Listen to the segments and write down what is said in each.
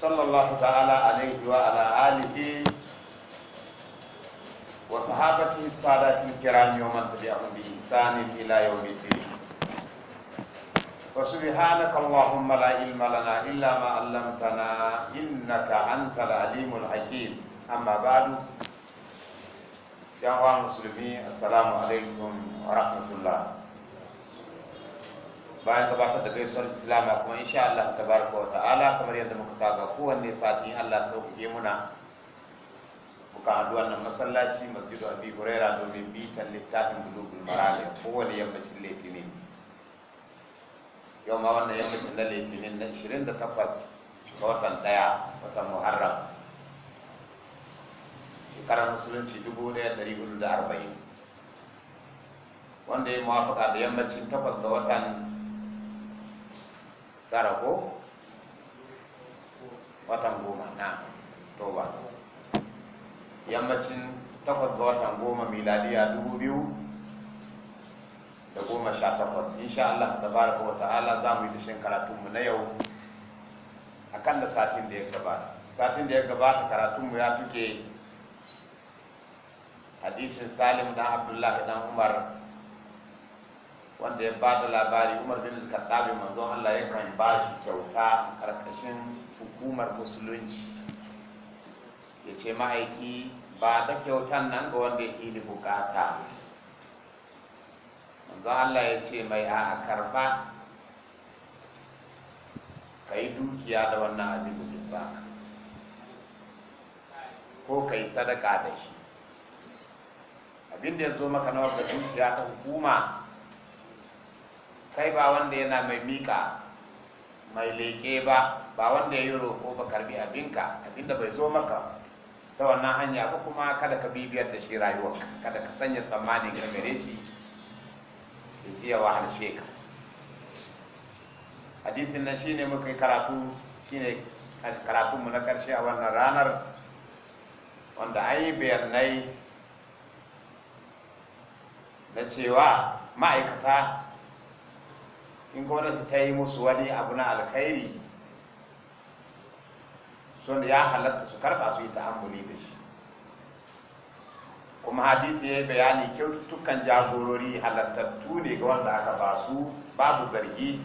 sallallahu ta'ala alaihi wa ala alihi wa sahabatihi sadatil kiram wa man tabi'ahum bi ihsanin ila yawmiddin wa subhanaka allahumma la ilma lana illa ma 'allamtana innaka antal alimul hakim amma ba'du ya wa muslimi assalamu wa rahmatullah bayan gabatar da gaisuwar islama kuma insha Allah tabaraka wa ta'ala kamar yadda muka saba kowanne sati Allah sauke muna muka haɗu wannan masallaci masjidu abi huraira domin bitan littafin bulugul marami kowane yammacin litinin yau ma wannan yammacin na litinin na 28 ga watan daya watan muharram shekarar musulunci 1440 wanda ya mawafaka da yammacin 8 ga watan gara ko watan goma na toba yammacin takwas ga watan goma miladiya dubu biyu da goma sha takwas insha Allah da fara wa ta'ala za mu yi dashen karatunmu na yau akalla satin da ya gabata satin da ya gabata karatunmu ya tuke hadisin salim dan abdullahi dan umar wanda ya bada labari umar bin al-khattabi manzon Allah ya kan ba shi kyauta karkashin hukumar musulunci ya ce ma'aiki ba ta kyautan nan ga wanda ya ili bukata manzon Allah ya ce mai a karba ka yi dukiya da wannan abin da baka ko ka yi sadaka da shi abin da ya zo maka na wadda dukiya ta hukuma kai ba wanda yana mai mika mai leke ba ba wanda ya yi roƙo ba karbi abinka abinda bai zo maka ta wannan hanya ba kuma kada ka bibiyar da shi rayuwar kada ka sanya tsammanin ka gare shi ya ji ya harshe ka hadisin nan shine muka yi karatu shine karatunmu na karshe a wannan ranar wanda an yi bayanai na cewa ma'aikata in gwamnati ta yi musu wani abu na alkhairi sun ya halatta su karba su yi ta'ammuli da shi kuma hadisi ya yi bayani kyaututtukan jagorori halattattu ne ga wanda aka ba su babu zargi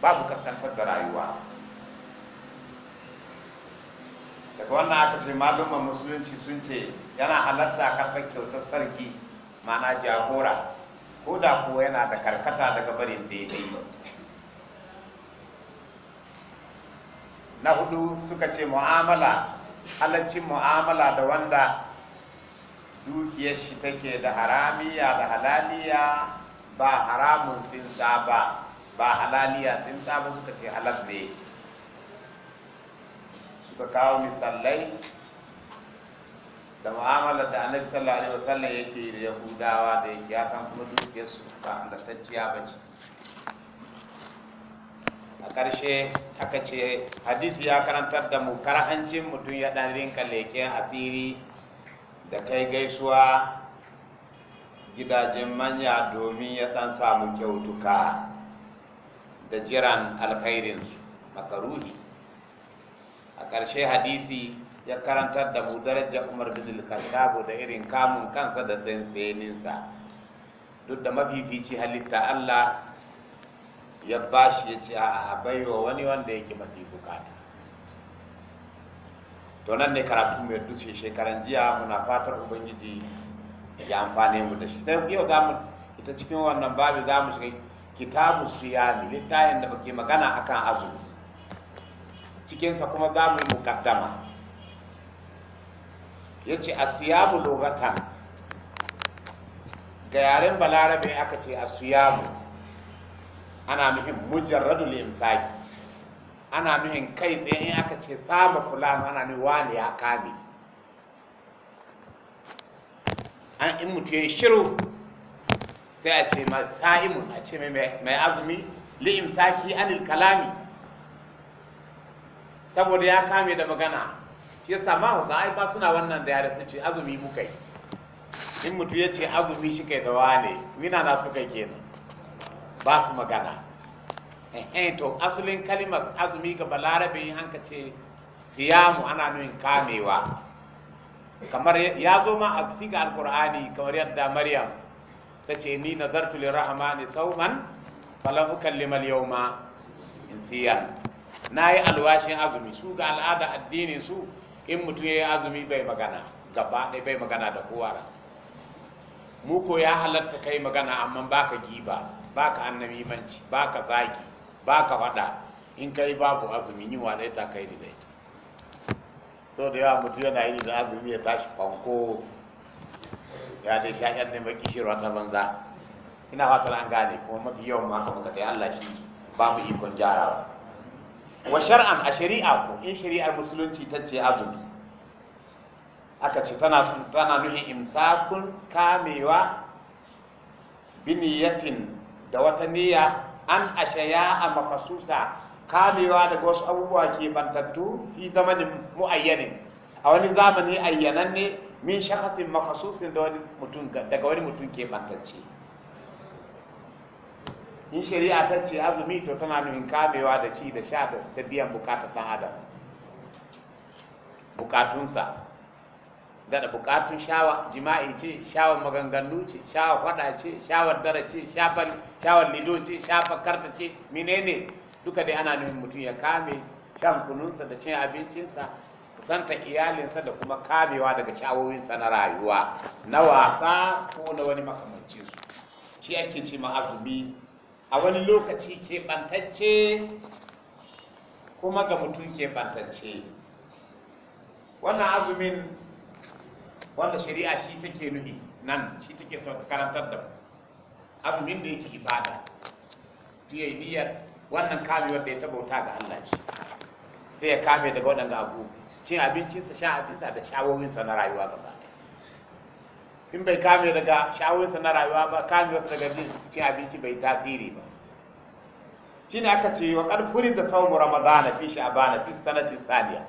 babu kaskantar da rayuwa daga wannan aka ce malumman musulunci sun ce yana halatta karɓar kyautar sarki ma'ana jagora ko da ko yana da karkata daga barin daidai na hudu suka ce mu'amala halaccin mu'amala da wanda dukiyar shi take da haramiya da halaliya ba haramun tsinsa ba ba halaliya tsinsa ba suka ce halar ne suka kawo misalai da mu'amalar da annabi sallallahu alaihi wasallam yake da yahudawa da yake ya san kuma dukiyar su ba tacciya ba ce a ƙarshe aka ce hadisi ya karantar da mu karahancin mutum ya ɗan rinka leke asiri da kai gaisuwa gidajen manya domin ya ɗan samu kyautuka da jiran alkhairinsu makaruhi a ƙarshe hadisi ya karantar da mu daraja umar bin al da irin kamun kansa da sa duk da mafifici halitta Allah ya bashi ya ce a baiwa wani wanda yake mafi bukata to nan ne karatu mai dutse shekaran jiya muna fatar ubangiji ya amfane mu da shi sai ku yau zamu ita cikin wannan babu zamu shiga kitabu siyami littafin da muke magana akan azumi cikinsa kuma zamu mu yi mukaddama ya ce a mu logatan ga yaren balarabe aka ce a siya mu, ana nuhin mujarradu limsaki ana nuhin kai tsaye in aka ce saba fulani ana nuhin wani ya kame an in mutu ya shiru sai a ce ma sa'imun a ce mai azumi li'imsaki anil kalami saboda ya kame da magana shi ya ma hausa ai ba suna wannan da yare sun ce azumi muka yi in mutu ya ce azumi shi kai da ne? wina na suka kenan ba su magana eh to asulin kalimar azumi ga balarabe an ka ce siyamu ana nuhin kamewa kamar ya zo ma a siga alkur'ani kamar yadda maryam ta ce ni nazartu lirrahmani sauman falan ukallima in siyan. Na yi alwashin azumi su ga al'ada addinin su in mutum ya yi azumi bai magana gaba ne bai magana da kowa muku ya halatta kai magana amma ba ka giba manci, ba ka zagi ba ka faɗa in kai babu azumi yi wa ta kai da ita so da yawa mutum yana yi da azumi ya tashi kwanko. ya dai shaƙar ne mai kishirwa ta banza ina fatan an gane kuma mafi yawan ma haka muka ta Allah shi ba ikon jarawa wa shar'an a shari'a ko in shari'ar musulunci ta ce azumi aka ce tana tana nuhin imsakun kamewa biniyatin da wata niyya an ashaya a makasusa kamewa daga wasu abubuwa ke bantattu fi zamanin mu'ayyanin a wani zamani ayyananne min shakasin makasusin da daga wani mutum ke bantacce in shari'a ta ce azumi to tana nuhin kamewa da shi da sha da biyan bukatar ɗan adam bukatunsa daɗa bukatun shawa jima'i ce shawar maganganu ce shawar kwaɗa ce shawar dara ce shawar lido ce shafar karta ce menene duka dai ana nuhin mutum ya kame shan kununsa da cin abincinsa kusanta iyalinsa da kuma kamewa daga shawowinsa na rayuwa na wasa ko na wani makamancinsu shi ake ce ma azumi a wani lokaci keɓantacce kuma ga mutum keɓantacce wannan azumin wanda shari'a shi take nuhi nan shi take karantar da azumin da yake ibada fiye niyyar wannan kame wanda ya bauta ga Allah shi sai ya kame daga waɗanda abu cin abincinsa sha abinsa da shawowinsa na rayuwa gaba in bai kame daga sha'awunsa na rayuwa ba kame wasu daga cin abinci bai tasiri ba shine aka ce wa karfuri da saumu ramadana fi sha'abana fi sanatin saniya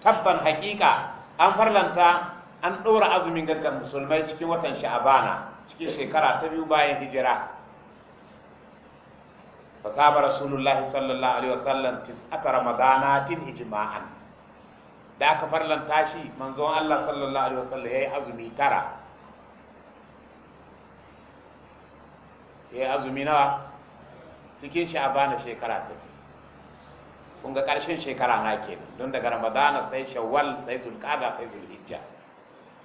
tabban haƙiƙa an farlanta an ɗora azumin gaggar musulmai cikin watan sha'abana cikin shekara ta biyu bayan hijira fasaba rasulullahi sallallahu alaihi wasallam tis'ata ramadana tin ijma'an da aka farlanta shi manzon Allah sallallahu alaihi wasallam yi azumi tara ya eh, yi azumi nawa cikin sha'abana shekara ta kun ga ƙarshen shekara na ke don daga ramadana sai shawwal sai zulkada sai zulhijja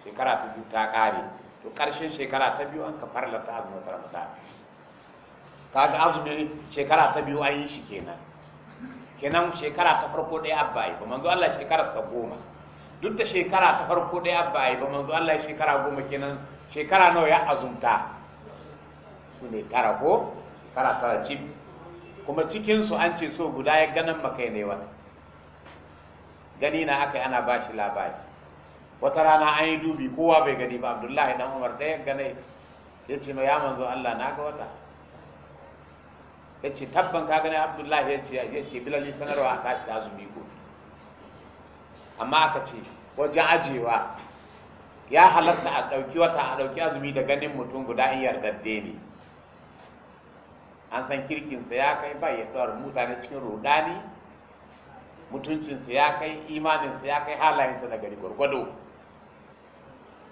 shekara ta biyu ta ƙare to ƙarshen shekara ta biyu an ka ta azumin ramadana ga azumin shekara ta biyu an yi shi kenan kenan shekara ta farko ɗaya abba yi ba manzo Allah shekara sa goma duk da shekara ta farko ɗaya abba yi ba manzo Allah shekara goma kenan shekara nawa ya azumta su ne tara ko shekara tara cib kuma cikinsu an ce so guda ya ganin makai ne wata gani na aka ana ba shi labari wata rana an yi dubi kowa bai gani ba abdullahi dan umar ɗaya gane ya ce ma ya manzo allah na ga wata ya ce tabban ka gani abdullahi ya ce bilali sanarwa a tashi da azumi ko amma aka ce wajen ajiyewa ya halatta a ɗauki wata a ɗauki azumi da ganin mutum guda in yardadde ne an san kirkinsa ya kai ba ya ɗora mutane cikin rudani mutuncinsa ya kai imaninsa ya kai halayensa na gari gwargwado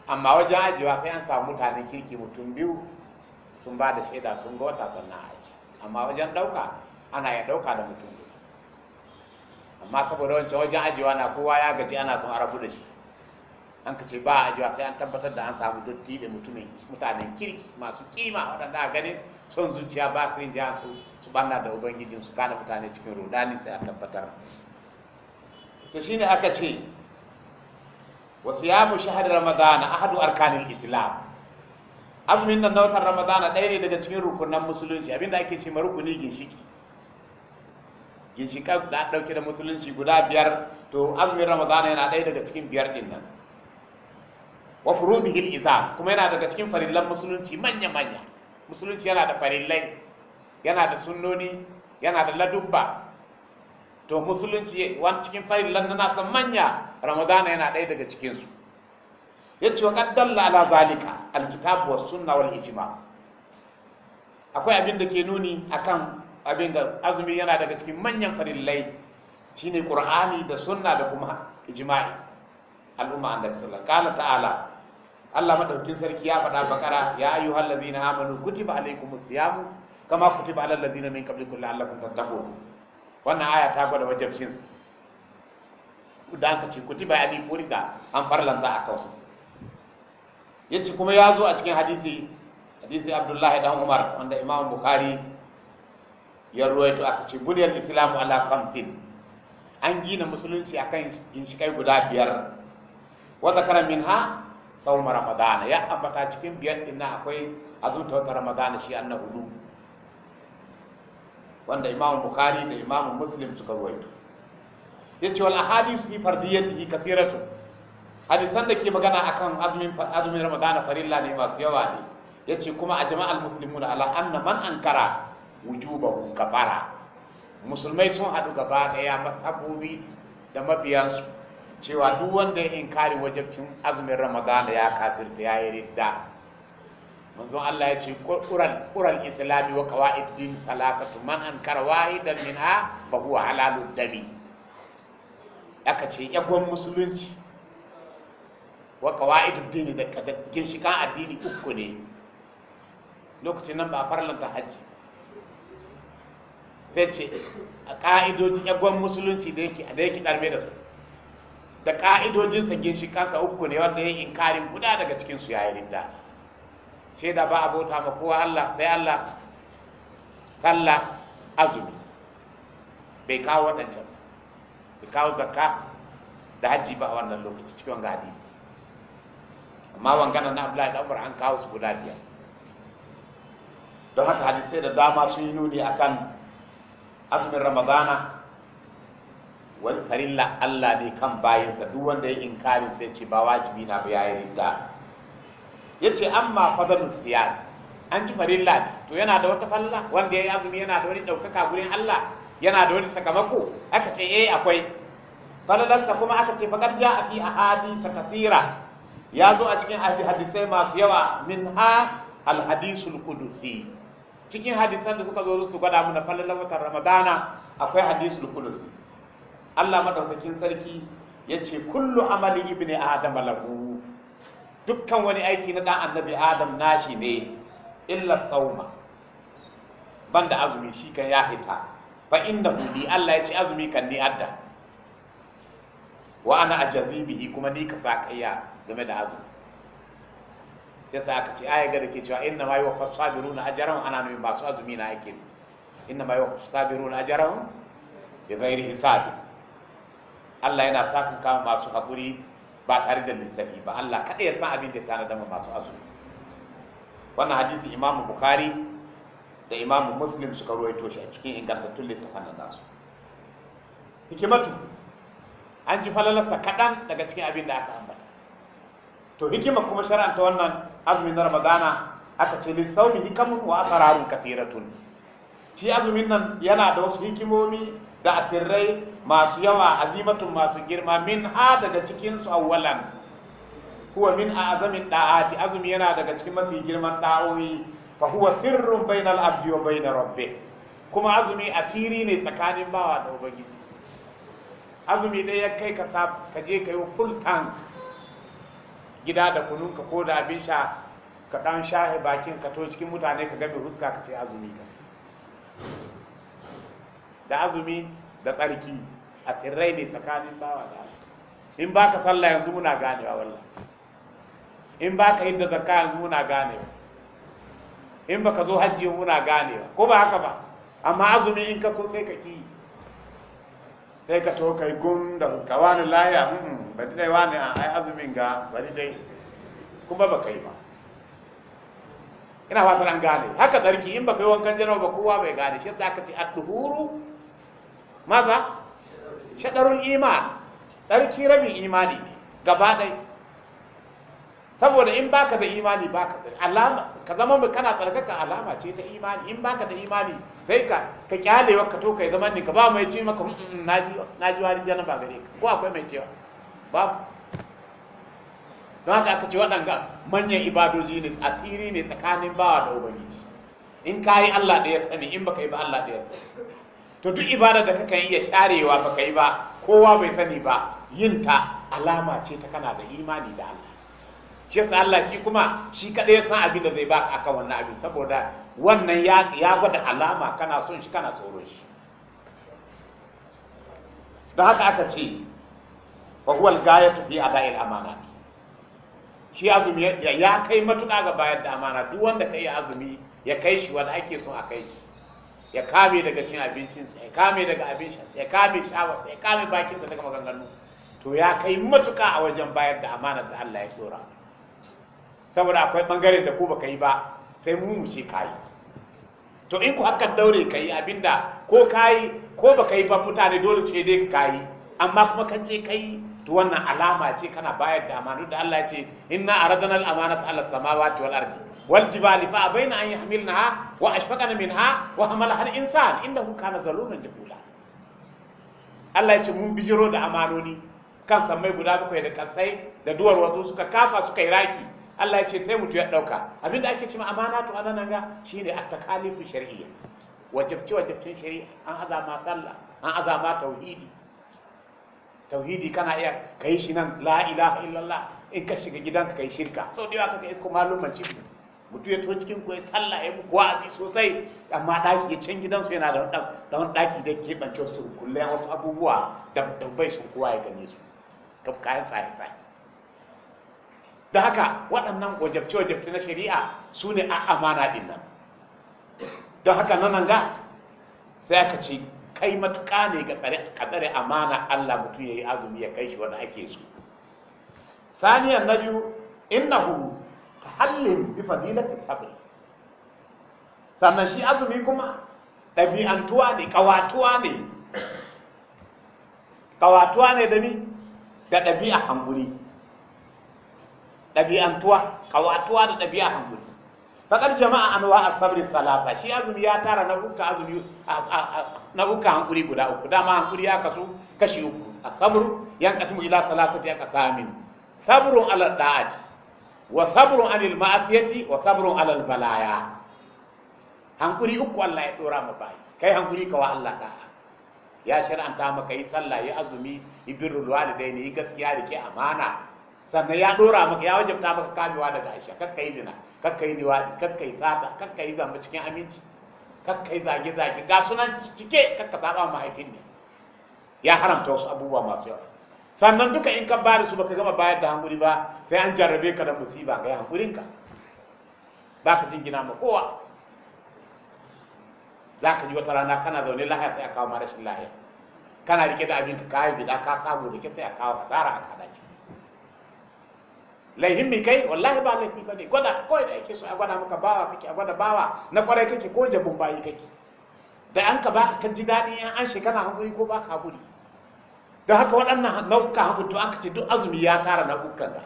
amma wajen ajiyewa sai an samu mutanen kirki mutum biyu sun ba da shaida sun ga wata sannan aji amma wajen ɗauka ana ya ɗauka da mutum biyu amma saboda wancan wajen ajiyewa na kowa ya gaji ana son arabu da shi an ka ce ba a jiwa sai an tabbatar da an samu dotti da mutanen kirki masu kima waɗanda a ganin son zuciya ba su yin jiya su su da ubangijin su kana mutane cikin rudani sai a tabbatar to shine aka ce wa siyamu Ramadana a ahadu arkanin islam azumin nan na watan Ramadana ɗaya ne daga cikin rukunan musulunci abinda ake ce rukuni ginshiki ginshiƙa da ɗauke da musulunci guda biyar to azumin ramadana yana ɗaya daga cikin biyar ɗin nan wa furudihil iza kuma yana daga cikin farillan musulunci manya manya musulunci yana da farillai yana da sunnoni yana da ladubba to musulunci wani cikin farillan na nasa manya ramadana yana ɗaya daga cikin su yace wa qaddalla ala zalika alkitab was sunna wal ijma akwai abin da ke nuni akan abin da azumi yana daga cikin manyan farillai shine qur'ani da sunna da kuma ijma'i al'umma an sallallahu alaihi kala ta'ala Allah madaukin sarki ya faɗa bakara ya ayyuhal ladzina amanu kutiba alaikumus siyamu kama kutiba alal ladzina min qablikum la'allakum tattaqun wannan aya ta gwada wajibcin da aka ce kutiba ali furida an farlanta a kawai yace kuma ya zo a cikin hadisi hadisi abdullahi dan umar wanda imam bukhari ya ruwaito aka ce buniyar islamu ala khamsin an gina musulunci akan ginshikai guda biyar wa zakara minha sawm ramadana ya ambata cikin biyar din akwai azumta wata ramadana shi annabi hudu wanda imam bukhari da imam muslim suka ruwaito yace wal ahadith fi fardiyatihi kasiratu hadisan da ke magana akan azumin azumin ramadana farilla ne masu yawa ne yace kuma a jama'al muslimuna ala anna man ankara wujubahu kafara musulmai sun haɗu gaba daya masabobi da mabiyansu cewa duk wanda ya inkari wajabcin azumin ramadana ya kafirta ya yi ridda manzon Allah ya ce qur'an islami wa din salasatu man ankara wahidan minha fa huwa halalud dami aka ce yagon musulunci wa qawaidud din da ginshikan addini uku ne lokacin nan ba farlanta hajji sai ce a ka'idoji yagon musulunci da yake da yake da su da ka'idojin sa kansa uku ne wanda ya inkarin guda daga cikin su yayin ridda da ba abota ma kowa Allah sai Allah sallah azumi bai kawo wadancan bai kawo zakka da hajji ba a wannan lokaci cikin wanga hadisi amma wangana na Abdullahi da Umar an kawo su guda biyar don haka hadisai da dama sun yi nuni akan azumin Ramadana wani tsarin Allah ne kan bayansa, duk wanda ya inkarin sai ce ba wajibi na ba yayi ce yace amma fadalus siyam an ci farin ne to yana da wata falla wanda ya yi azumi yana da wani daukaka gurin Allah yana da wani sakamako aka ce eh akwai falalarsa kuma aka ce ja a fi a ahadisa kasira ya zo a cikin hadisai masu yawa min ha alhadisul kudusi cikin hadisan da suka zo su gwada mu mana falalar watan ramadana akwai hadisul kudusi Allah madaukakin sarki ya ce kullu amali ibni adam lahu dukkan wani aiki na dan annabi adam nashi ne illa sauma banda azumi shi kan ya hita fa inda li Allah ya ce azumi kan ni adda wa ana ajazi kuma ni ka sakayya game da azumi yasa aka ce aya ga dake cewa inna ma yuwaffa sabiruna ajran ana nufin ba su azumi na ake inna ma yuwaffa sabiruna ajran bi ghairi hisabi Allah yana kan kama masu haƙuri ba tare da lissafi ba Allah kada ya san abin da ta da masu azumi wannan hadisi Imam Bukhari da Imam Muslim suka ruwaito shi a cikin ingantattun littafan nan nasu hikimatu an ji falalarsa kaɗan daga cikin abin da aka ambata to hikima kuma shar'anta wannan azumin na ramadana aka ce lissaumi hikamun wa asararun kasiratun shi azumin nan yana da wasu hikimomi da asirrai masu yawa azimatun masu girma min ha daga cikin su awwalan huwa min azamin da'ati azumi yana daga cikin mafi girman da'o'i fa huwa sirrun bainal abdi wa bainar rabbi kuma azumi asiri ne tsakanin bawa da ubangiji azumi dai ya kai ka je ka yi full tank gida da kununka ko da abin sha ka dan shahe bakin ka to cikin mutane ka game huska ka ce azumi ka da azumi da tsarki a tsirrai ne tsakanin bawa da in ba ka sallah yanzu muna ganewa wallah in ba ka yadda zakka yanzu muna ganewa in ba ka zo hajji muna ganewa ko ba haka ba amma azumi in ka so sai ka ki sai ka to kai gun da fuska wani laya bari dai wani a ai azumin ga bari dai kuma ba ka yi ba ina fatan an gane haka tsarki in ba ka yi wankan jana ba kowa bai gane shi yasa aka ce at-tuhuru maza shaɗarul iman tsarki rabin imani gaba ɗai saboda in baka da imani baka alama ka zama mai kana tsarkaka alama ce ta imani in baka da imani sai ka ka kyale wa ka to kai zaman ne ka ba mai ce maka mm, mm, na ji wani jana ba gare ka ko akwai mai cewa babu don haka aka ce waɗanga manyan ibadoji ne asiri ne tsakanin bawa da ubangiji in ka yi Allah ɗaya sani in baka yi ba Allah ɗaya sani to duk ibada da kakan iya sharewa ba kai ba kowa bai sani ba yin ta alama ce ta kana da imani da Allah shi yasa Allah shi kuma shi kaɗai ya san abin da zai baka akan wannan abin saboda wannan ya gwada alama kana son shi kana tsoron shi da haka aka ce wa huwa al-gayatu fi ada'il amana shi azumi ya kai matuka ga bayar da amana duk wanda ka kai azumi ya kai shi wanda ake son a kai shi ya kame daga cin abincinsa ya kame daga abin shansa ya kame shawarsa ya kame bakinsa daga maganganu to ya kai matuka a wajen bayar da amanar da Allah ya dora saboda akwai bangaren da ku baka yi ba sai mu mu ce kayi to in ku hakan daure kayi abinda ko kayi ko baka yi ba mutane dole su dai kayi amma kuma kan je kai to wannan alama ce kana bayar da amana da Allah ya ce inna aradana al amanata ala samawati wal ardi wal jibali fa bayna an yahmilnaha wa ashfaqana minha wa hamalaha al insan innahu kana zaluman jahula Allah ya ce mun bijiro da amanoni kan sammai guda bakwai da kansai da duwar wasu suka kasa suka yi raki Allah ya ce sai mutu ya dauka abinda ake cewa amana to anan ga shine at-takalifu shar'iyya wajibci wajibcin shari'a an azama sallah an azama tauhidi tauhidi kana iya ka yi shi nan la'ila ilaha illallah in ka shiga gidan ka yi shirka so da yawa kaka isko malumman ci mutu ya to cikin ku ya sallah ya muku wa'azi sosai amma daki ya can gidansu yana da wani daki da ke bance su kulle wasu abubuwa da bai su kowa ya gane su ka kayan tsare-tsare da haka waɗannan wajabce-wajabce na shari'a su ne a amana ɗin nan don haka nan ga sai aka ci. kai matuƙa ne ga tsare amana Allah mutum ya yi azumi ya kai shi wani ake so saniyan na biyu hu ka hallin bi fadilati sabr sannan shi azumi kuma ɗabi'antuwa ne ƙawatuwa ne ƙawatuwa ne da ni da ɗabi'a hanguri ɗabi'antuwa ƙawatuwa da ɗabi'a hanguri fakar jama'a an as-sabr salasa shi azumi ya tara na hukka azumi na hankuri guda uku dama hankuri ya kasu kashi uku as-sabr yan kasmu ila salasati aka samin sabrun ala da'ati wa sabrun anil ma'asiyati wa sabrun ala balaya hankuri uku Allah ya dora ma bai kai hankuri kawa Allah da'a ya shar'anta maka yi sallah yi azumi yi birrul walidaini yi gaskiya da ke amana sannan ya dora maka ya wajabta maka kamewa daga aisha kakka yi zina kakka yi liwaɗi kakka yi sata kakka yi zamba cikin aminci kakka yi zage-zage ga sunan cike kakka saba mahaifin ne ya haramta wasu abubuwa masu yawa sannan duka in ka bada su baka gama bayar da hankuri ba sai an jarrabe ka da musiba ga hankurinka ba ka jingina ma kowa za ka ji wata rana kana zaune lahaya sai a kawo marashin lahaya kana rike da abinka ka haifi da ka samu rike sai a kawo hasara a kada ciki laihimmi kai wallahi ba laifi ba ne gwada kawai da ake so a gwada maka bawa kake a gwada bawa na kwarai kake ko jabin bayi kake da an ka baka ka ji daɗi in an shekara hankuri ko baka haƙuri da haka waɗannan nau'uka hankuri to aka ce duk azumi ya tara nau'ukan da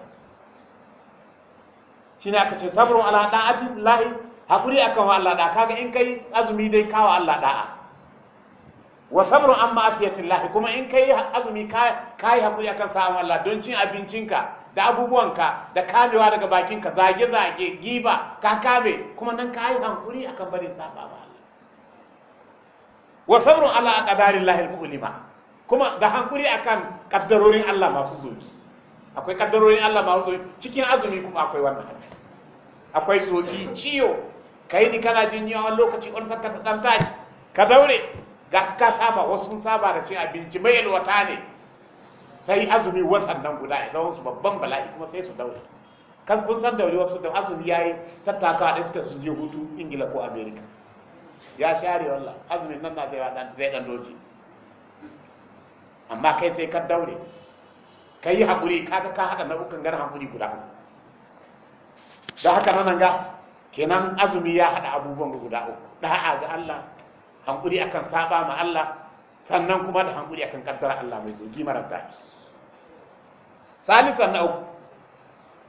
shine aka ce sabrun ala da'ati lahi haƙuri akan wa Allah kaga in kai azumi dai kawo Allah wa sabrun an lahi kuma in ka yi azumi ka yi hakuri akan samun Allah don cin abincinka da abubuwanka da kamewa daga bakinka zage zage giba ka kame kuma nan ka yi hakuri akan barin saba ba Allah wa sabrun ƙadarin lahi almu'lima kuma da hankuri akan kaddarorin Allah masu zoki akwai kaddarorin Allah masu zoki cikin azumi kuma akwai wannan akwai zoki ka kai ni kana jin yawan lokaci wani ka ta tashi ka daure ga ka saba wasu sun saba da cin abinci mai yalwata ne sai azumi watan nan guda ya zama su babban bala'i kuma sai su daure kan kun san daure wasu da azumi ya yi tattaka a suka su je hutu ingila ko Amerika, ya share wallah azumi nan na zai ɗan doji amma kai sai ka daure ka yi haƙuri k'a ka haɗa ukan gana haƙuri guda da haka nan ga kenan azumi ya haɗa abubuwan guda uku ɗa'a ga Allah hankuri akan saba ma Allah sannan kuma da hankuri akan kaddara Allah mai zo gimarar ta salisan na uku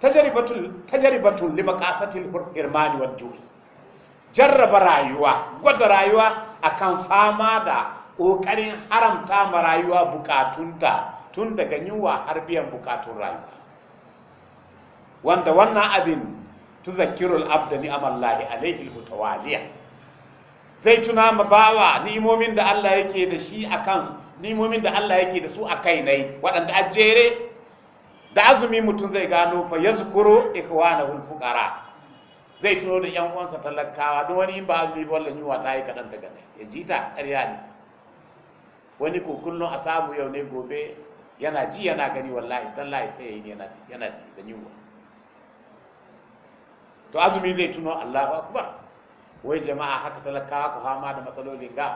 tajribatul tajribatul limaqasatil irmani wal ju'i jarraba rayuwa gwada rayuwa akan fama da kokarin haramta ma rayuwa bukatunta tun daga yunwa har biyan bukatun rayuwa wanda wannan abin tuzakirul abda ni'amallahi alaihi almutawaliya zai tuna ma bawa nimomin da Allah yake da shi akan nimomin da Allah yake da su a kai nai waɗanda ajere da azumi mutum zai gano fa ya yazkuru ikhwanahul fukara zai tuno da yan uwansa talakawa don wani in ba azumi ba wallahi wa yi kadan ta gane ya ji ta ƙarya ne wani ko kullum a samu yau ne gobe yana ji yana gani wallahi tallahi sai yana yana da yiwa to azumi zai tuno Allahu akbar wai jama'a haka talakawa ku fama da matsalolin ga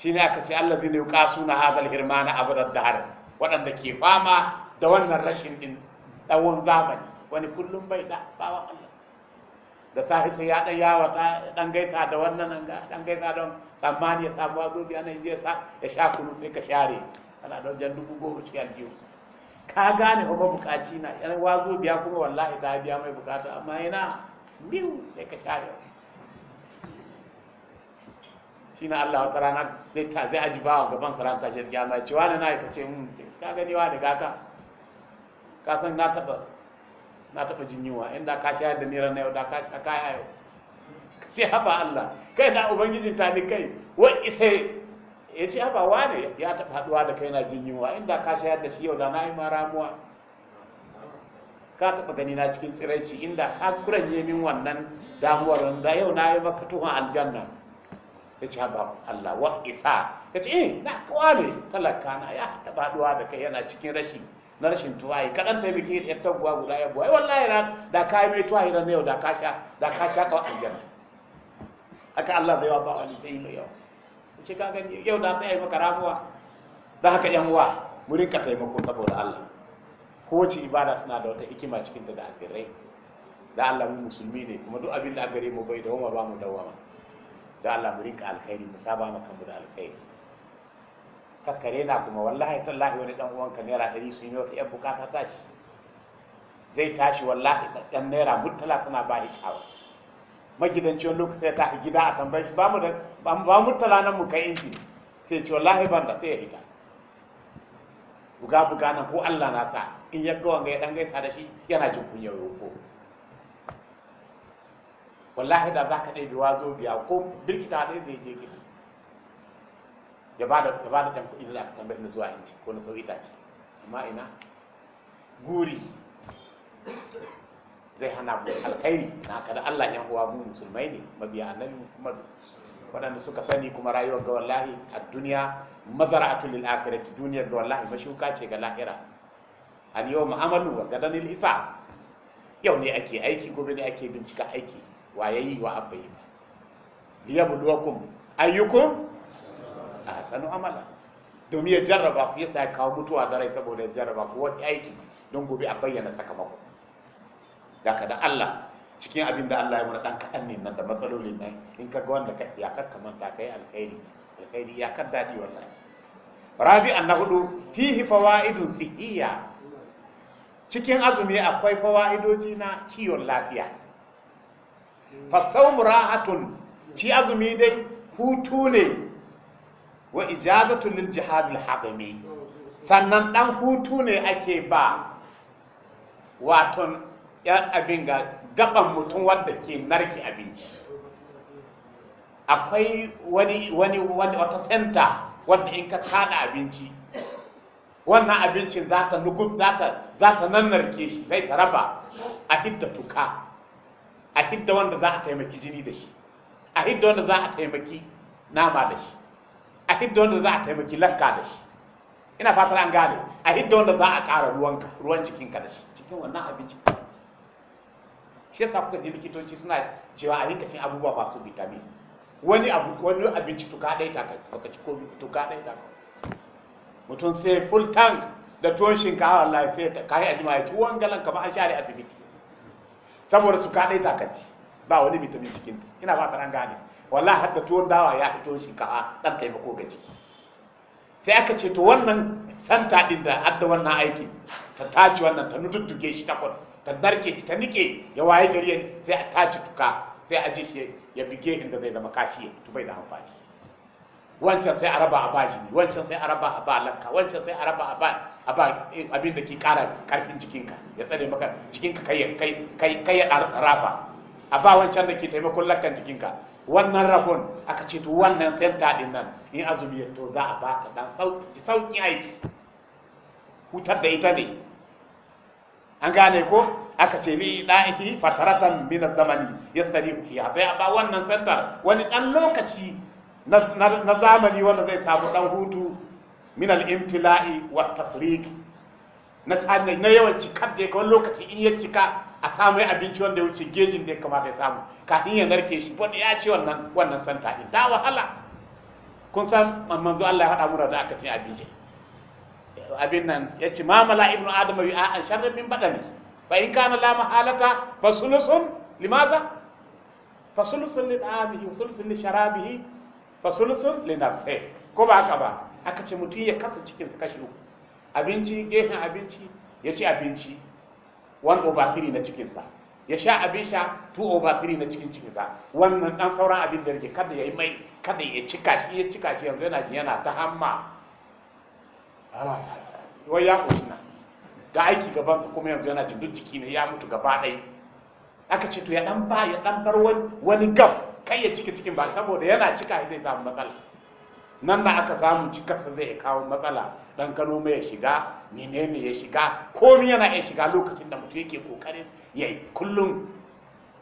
shi ne aka ce allah zai nuka suna hazal na abu da dahar waɗanda ke fama da wannan rashin din tsawon zamani wani kullum bai da bawa allah da sahi sai ya ɗan yawa ta ɗan gaisa da wannan nan ga ɗan gaisa don tsammani ya samu wazo biya nan ya sa ya sha kunu sai ka share Ana ɗan jan dubu goma cikin aljihu ka gane kuma bukaci na yan wazo biya kuma wallahi ta biya mai bukata amma yana biyu sai ka share shi na Allah wata rana zai ta zai aji bawa gaban salam tashar ya ce wani na ka ce mun ka gani wa da gaka ka san na taba na taba jinyuwa inda ka sha da niran na yau da ka ka yayo sai haba Allah kai na ubangijin ta ni kai wai isai ya ce haba ne? ya taba haduwa da kai na jinyuwa inda ka sha da shi yau da na yi ma ramuwa ka taɓa gani na cikin tsiraici inda ka kura min wannan damuwar da yau na yi maka tuhon aljanna ya ce ba Allah wa isa ya ce eh na kawane talaka na ya taɓa haɗuwa da kai yana cikin rashi na rashin tuwaye kaɗan ta biki ya taguwa guda ya buwa wallahi na da ka yi mai tuwaye na yau da ka sha da ka sha kawai aljanna haka Allah zai wa ba wani sai mai yau ya ce ka gani yau na yi maka ramuwa da haka yan uwa mu rinka taimako saboda Allah kowace ibada tana da wata hikima cikin ta da asirai da Allah mu musulmi ne kuma duk abin da aka gare mu bai dawoma ba mu dawoma da Allah mu rinka alkhairi mu saba ma kanmu da alkhairi kakkare na kuma wallahi tallahi wani dan uwanka naira ɗari su yi wata yan bukata tashi zai tashi wallahi dan naira murtala tana ba shi shawa magidanci wani lokaci sai ta gida a tambayi shi ba mu murtala nan mu kai inji sai ce wallahi banda sai ya hita buga buga na ko Allah na sa in ya ga wanga ya dan gaisa da shi yana jin kunyar roƙo wallahi da zaka dai biwa zo biya ko birkita dai zai je ya ba da ya ba da tanku idan aka tambaye ni zuwa inji ko na sauri ta amma ina guri zai hana mu alkhairi na kada Allah yan uwa mu musulmai ne mabiya annabi Muhammad waɗanda suka sani kuma rayuwar ga wallahi a duniya mazara a tulil akirat duniyar ga wallahi mashuka ce ga lahira al yau ma'amalu wa gadan lil yau ne ake aiki gobe ne ake bincika aiki wa yi wa abbai ba liyabluwakum ayyukum ahsanu amala domin ya jarraba ku yasa ya kawo mutuwa da rai saboda ya jarraba ku wani aiki don gobe a bayyana sakamako da da Allah cikin abin da Allah ya muna ɗan kaɗan ne nan da matsalolin nan in ka ga wanda ya karka manta ka yi alkhairi alkhairi iyakar daɗi wallahi an na hudu fihi fawaidun sihiya cikin azumi akwai fawaidoji na kiyon lafiya fasau murahatun ci azumi dai hutu ne wa ijazatun lil jihadil hadami sannan dan hutu ne ake ba waton yan abin ga gaban mutum wanda ke narke abinci akwai wani wani wata senta wanda in ka kada abinci wannan abincin za ta nugub za ta nannarke shi zai ta raba a hidda tuka a hidda wanda za a taimaki jini da shi a hidda wanda za a taimaki nama da shi a hidda wanda za a taimaki lakka da shi ina fatar an gane a hidda wanda za a ƙara ruwan cikinka da shi cikin wannan abincin shi yasa kuka ji likitoci suna cewa a rinka cin abubuwa masu vitamin wani abu wani abinci tuka ɗaya ta baka ci ko tuka ɗaya ta mutum sai full tank da tuwon shinkawa Allah sai ta kai ajima ya tuwon galan kamar an share asibiti saboda tuka ɗaya ta kaci ba wani vitamin cikin ta ina ta an gane wallahi har da tuwon dawa ya fi tuwon shinkawa dan taimako ga ciki sai aka ce to wannan santa din da adda wannan aiki ta tace wannan ta nututtuke shi ta kwata ta narke ta nike ya waye gari sai a tace tuka sai a ji shi ya bige inda zai zama kashi ya bai da amfani wancan sai a raba a ba jini wancan sai a raba a ba lakka wancan sai a raba a ba eh, abin da ke kara karfin jikinka ya tsare maka jikinka kai kai kai kai rafa a ba wancan da ke taimakon lakkan jikinka wannan rabon aka ce to wannan senta din nan in azumi to za a ba ta dan sauki sauki aiki hutar da ita ne an gane ko aka ce ni da'ihi fataratan min zamani yastarihu fiha sai a ba wannan santar wani dan lokaci na zamani wanda zai samu dan hutu min al-imtila'i wa na tsanya na yawan cikar da ya kawai lokaci in ya cika a samu abinci wanda ya wuce gejin da ya kamata ya samu kafin ya narke shi wanda ya ce wannan wannan santa ta wahala kun san manzo Allah ya haɗa mura da aka ce abinci abin nan ya ce mamala ibn adam adama yi an sharrin min badani ba in kana la mahalata fa sulusun limaza fa sulusun li damihi wa sulusun li sharabihi fa sulusun li nafsi ko ba haka ba aka ce mutum ya kasa cikin kashi uku abinci gehen abinci ya ci abinci one over three na cikin sa ya sha abin sha two over three na cikin cikin sa wannan dan sauran abin da yake kada ya yi mai kada ya cika shi ya cika shi yanzu yana ji yana ta hamma wai ya ƙoshi na da aiki gabansa kuma yanzu yana cikin duk jiki ne ya mutu gaba ɗaya aka ce to ya ɗan ba ya ɗan bar wani gam kai ya cika cikin ba saboda yana cika zai samu matsala nan da aka samu cikarsa zai kawo matsala dan kano mai ya shiga menene ya shiga komi yana ya shiga lokacin da mutum yake kokarin ya yi kullum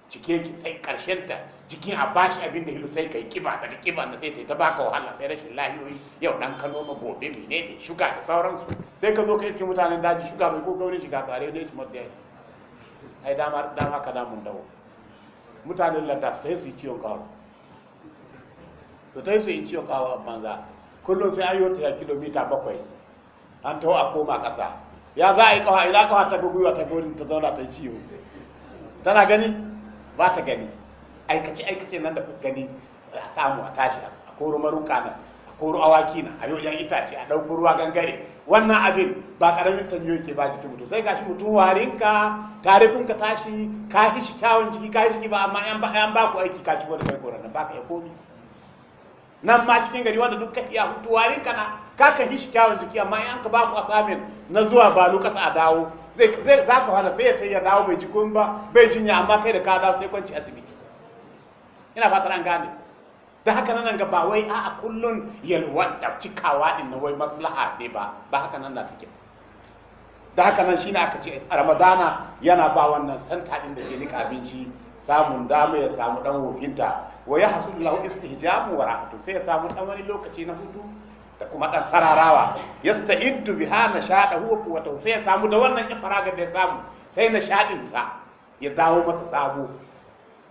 cike ki sai karshen ta jikin a bashi abin da hilu sai kai kiba daga kiba na sai ta baka wahala sai rashin lahiyoyi yau dan ka noma gobe menene shuga da sauransu sai ka zo ka iske mutanen daji shuga mai ko kaurin shiga bare ne shi madda ai dama dama ka damun dawo mutanen lanta su tayi su yi ciwon kawo su tayi su yi ciwon kawo a banza kullum sai an yi wata kilomita bakwai an taho a koma ƙasa ya za a yi ƙawa ila kawo ta gwiwa ta gori ta zauna ta ciyo tana gani ba ta gani aikace aikace nan da ku gani a samu a tashi a koro maruka nan a koro awaki nan a yoyan itace a ɗauko ruwa gangare wannan abin ba ƙaramin tanyo yake ba jikin mutum sai gashi mutum warinka tarifin ka tashi ka hishi kyawun jiki ka hishi ba amma yan ba ku aiki ka ci wani kai koran ba ka ya komi nan ma cikin gari wanda duk ka iya hutu warin kana ka ka hishi kyawun jiki amma in ka baku ku asamin na zuwa ba lukas a dawo zai zai za ka fara sai ya tayya ya dawo bai ji kun ba bai jinya amma kai da ka dawo sai kwanci asibiti ina fatar an gane da haka nan ga ba wai a'a kullun yalwar da cikawa din na wai maslaha ne ba ba haka nan na fike da haka nan shine aka ce ramadana yana ba wannan santa din da ke nika abinci samun dama ya samu dan wofinta wa ya hasulu lahu istihjamu wa rahmatu sai ya samu dan wani lokaci na hutu da kuma dan sararawa yasta'iddu biha nashadahu wa ta, sai ya samu da wannan ifraga da ya samu sai na nashadin sa ya dawo masa sabo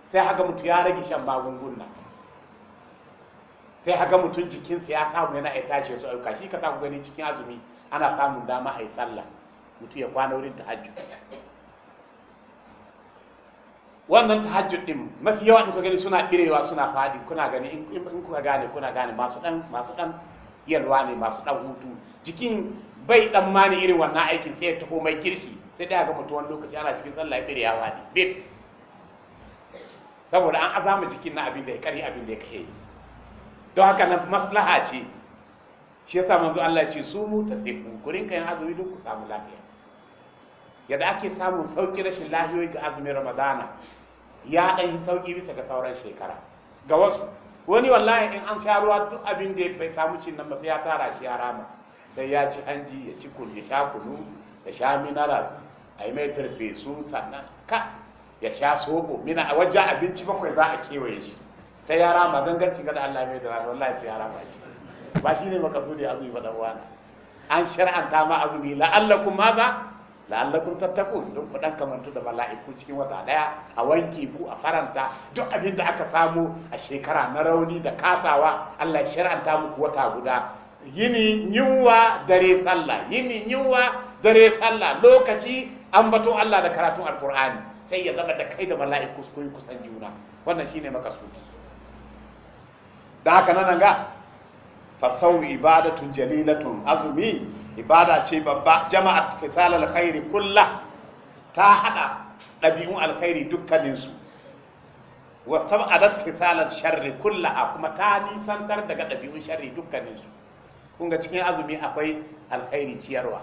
sai haga mutu ya rage shan magunguna sai haga mutum jikinsa ya samu yana ya tashi su ayyuka shi ka samu gani cikin azumi ana samun dama a yi sallah mutu ya kwana wurin hajji wannan tahajjud din mafi yawa in kuka gani suna birewa suna fadi kuna gani in kuka gane kuna gane masu dan masu dan yalwa ne masu dan hutu jikin bai dan mani irin wannan aikin sai ya taho mai kirshi sai dai ga mutum wani lokaci ana cikin sallah bire ya fadi bit saboda an azama jikin na abin da ya kari abin da ya kai don haka na maslaha ce shi yasa manzo Allah ya ce su mu tasifu ku rinka yin azumi duk ku samu lafiya yadda ake samun sauƙi rashin lahiyoyi ga azumin ramadana ya ɗan yi sauƙi bisa ga sauran shekara ga wasu wani wallahi in an sha ruwa duk abin da bai samu cin nan ba sai ya tara shi ya rama sai ya ci hanji ya ci sha kunu ya sha minara a yi mai su sannan ka ya sha sobo mina a wajen abinci bakwai za a kewaye shi sai ya rama ganganci ga Allah mai da rana wallahi sai ya rama shi ba shi ne makasudi azumi ba dan wani an shar'anta ma azumi la'allakum maza la'allakum tattaqun don ku dan kamantu da mala'iku cikin wata daya a wanki ku a faranta duk abin da aka samu a shekara na rauni da kasawa Allah ya shar'anta muku wata guda yini yunwa dare sallah yini yunwa dare sallah lokaci an bato Allah da karatun alqur'ani sai ya zama da kai da mala'iku su koyi kusan juna wannan shine maka makasudi da haka nan ga fasawmi ibadatun jalilatun azumi ibada ce babba jama'at kisal alkhairi kulla ta hada ɗabi'un alkhairi dukkaninsu wasu adat kisalar sharri kulla a kuma ta nisantar daga ɗabi'un sharri dukkaninsu kun ga cikin azumi akwai alkhairi ciyarwa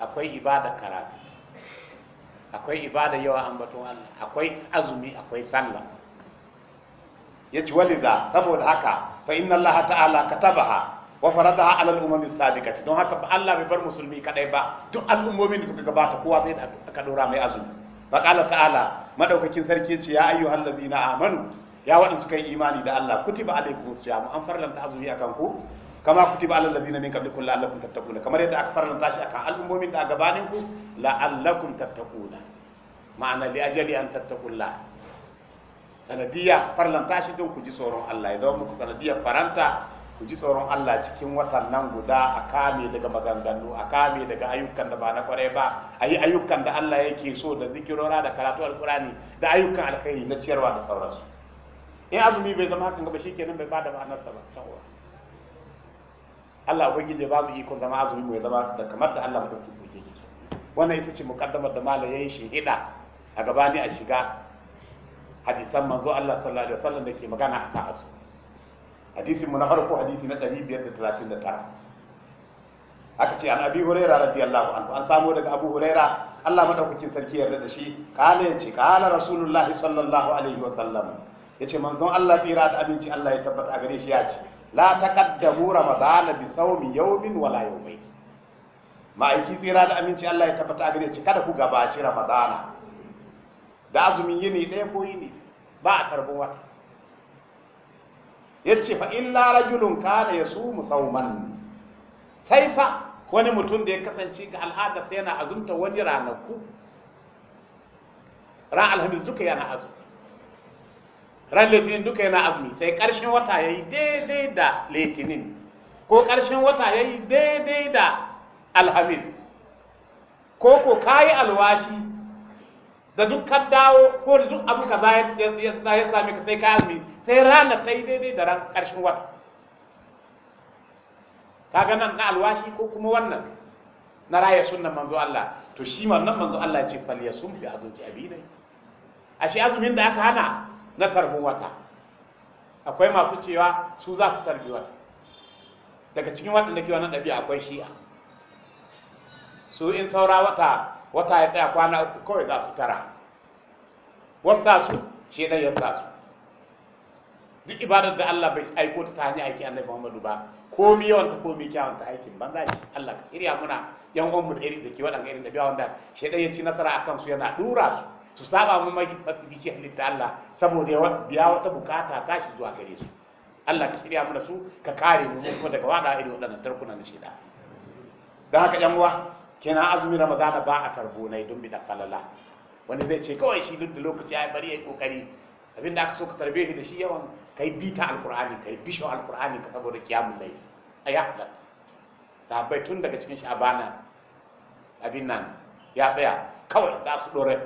akwai ibada karatu akwai ibada yawa ambaton Allah akwai azumi akwai sallah ya ci waliza saboda haka fa inna Allah ta'ala katabaha wa faradaha ala al umami as-sabiqati don haka ba Allah bai bar musulmi kadai ba duk al'ummomin da suka gabata kowa zai da aka dora mai azumi ba qala ta'ala madaukakin sarki ce ya ayyuhal halazina amanu ya wadanda suka yi imani da Allah kutiba alaikum siyam an farlanta azumi akan ku kama kutiba alal ladina min qablikum allakum tattaquna kamar yadda aka farlanta shi akan al'ummomin da gabanin ku la'allakum tattaquna ma'ana li ajali an tattaqulla sanadiyya farlanta shi don ku ji tsoron Allah ya zama muku sanadiyya faranta ku ji tsoron Allah cikin watan nan guda a kame daga maganganu a kame daga ayyukan da ba na kwarai ba a yi ayyukan da Allah yake so da zikirora da karatu alkurani da ayyukan alkhairi na ciyarwa da sauransu in azumi bai zama hakan gaba shikenan bai bada ma'anarsa ba Allah ubangiji ba babu iko zama azumi mai zama da kamar da Allah mutum ke yi wannan ita ce mukaddamar da malam yayin shahida a gabani a shiga hadisan manzo Allah sallallahu alaihi wasallam da ke magana akan azumi hadisin mu na harko hadisi na 539 aka ce an abi huraira radiyallahu anhu an samu daga abu huraira Allah madaukakin sarki yarda da shi Kana yace kana rasulullahi sallallahu alaihi wa sallam yace manzon Allah tsira da abinci Allah ya tabbata a gare shi ya ce la taqaddamu ramadana bi sawmi yawmin wala yawmayn ma'aiki tsira da aminci Allah ya tabbata a gare shi kada ku gabaci ramadana da azumin yini ɗaya ko yini ba a tarbin wata Ya ce fa illa rajulun kana su sauman sai fa wani mutum da ya kasance ga al'ada sai yana azumta wani ranaku ran alhamis duka yana azumi ran litinin duka yana azumi sai karshen wata ya yi daidai da litinin ko karshen wata ya yayi daidai da alhamis ko ko kayi alwashi da duk ka dawo ko da duk abu ka ya sami ka sai ka azumi sai rana ta yi daidai da ran karshen wata Ka nan na alwashi ko kuma wannan na raya sunan manzo Allah to shi ma nan manzo Allah ce fal yasum bi azumi A shi azumin da aka hana na tarbin wata akwai masu cewa su za su tarbi wata daga cikin waɗanda ke wannan ɗabi'a akwai shi'a su in saura wata wata ya tsaya kwana uku kawai za su tara wasa su shi na ya sa su duk ibadar da Allah bai aiko ta ta hanyar aiki Annabi Muhammadu ba komi yawan ta komi kyawun ta aikin banza ce Allah ka shirya muna yan uwan mu da irin da ke waɗanda irin da biya wanda shedan ya ci nasara a su yana dura su su saba mu mai mafifici halitta Allah saboda biya wata bukata shi zuwa gare su Allah ka shirya muna su ka kare mu kuma daga wada irin waɗannan tarkunan da shedan da haka yan uwa kenan azumin ramadana ba a karbo na don bi da falala wani zai ce kawai shi duk da lokaci ya bari ya yi kokari abinda aka so ka tarbe shi da shi yawan kai bita alkur'ani kai bisho alkur'ani ka saboda kiyamun laili a ya halatta sahabbai tun daga cikin shi abana abin nan ya tsaya kawai za su dore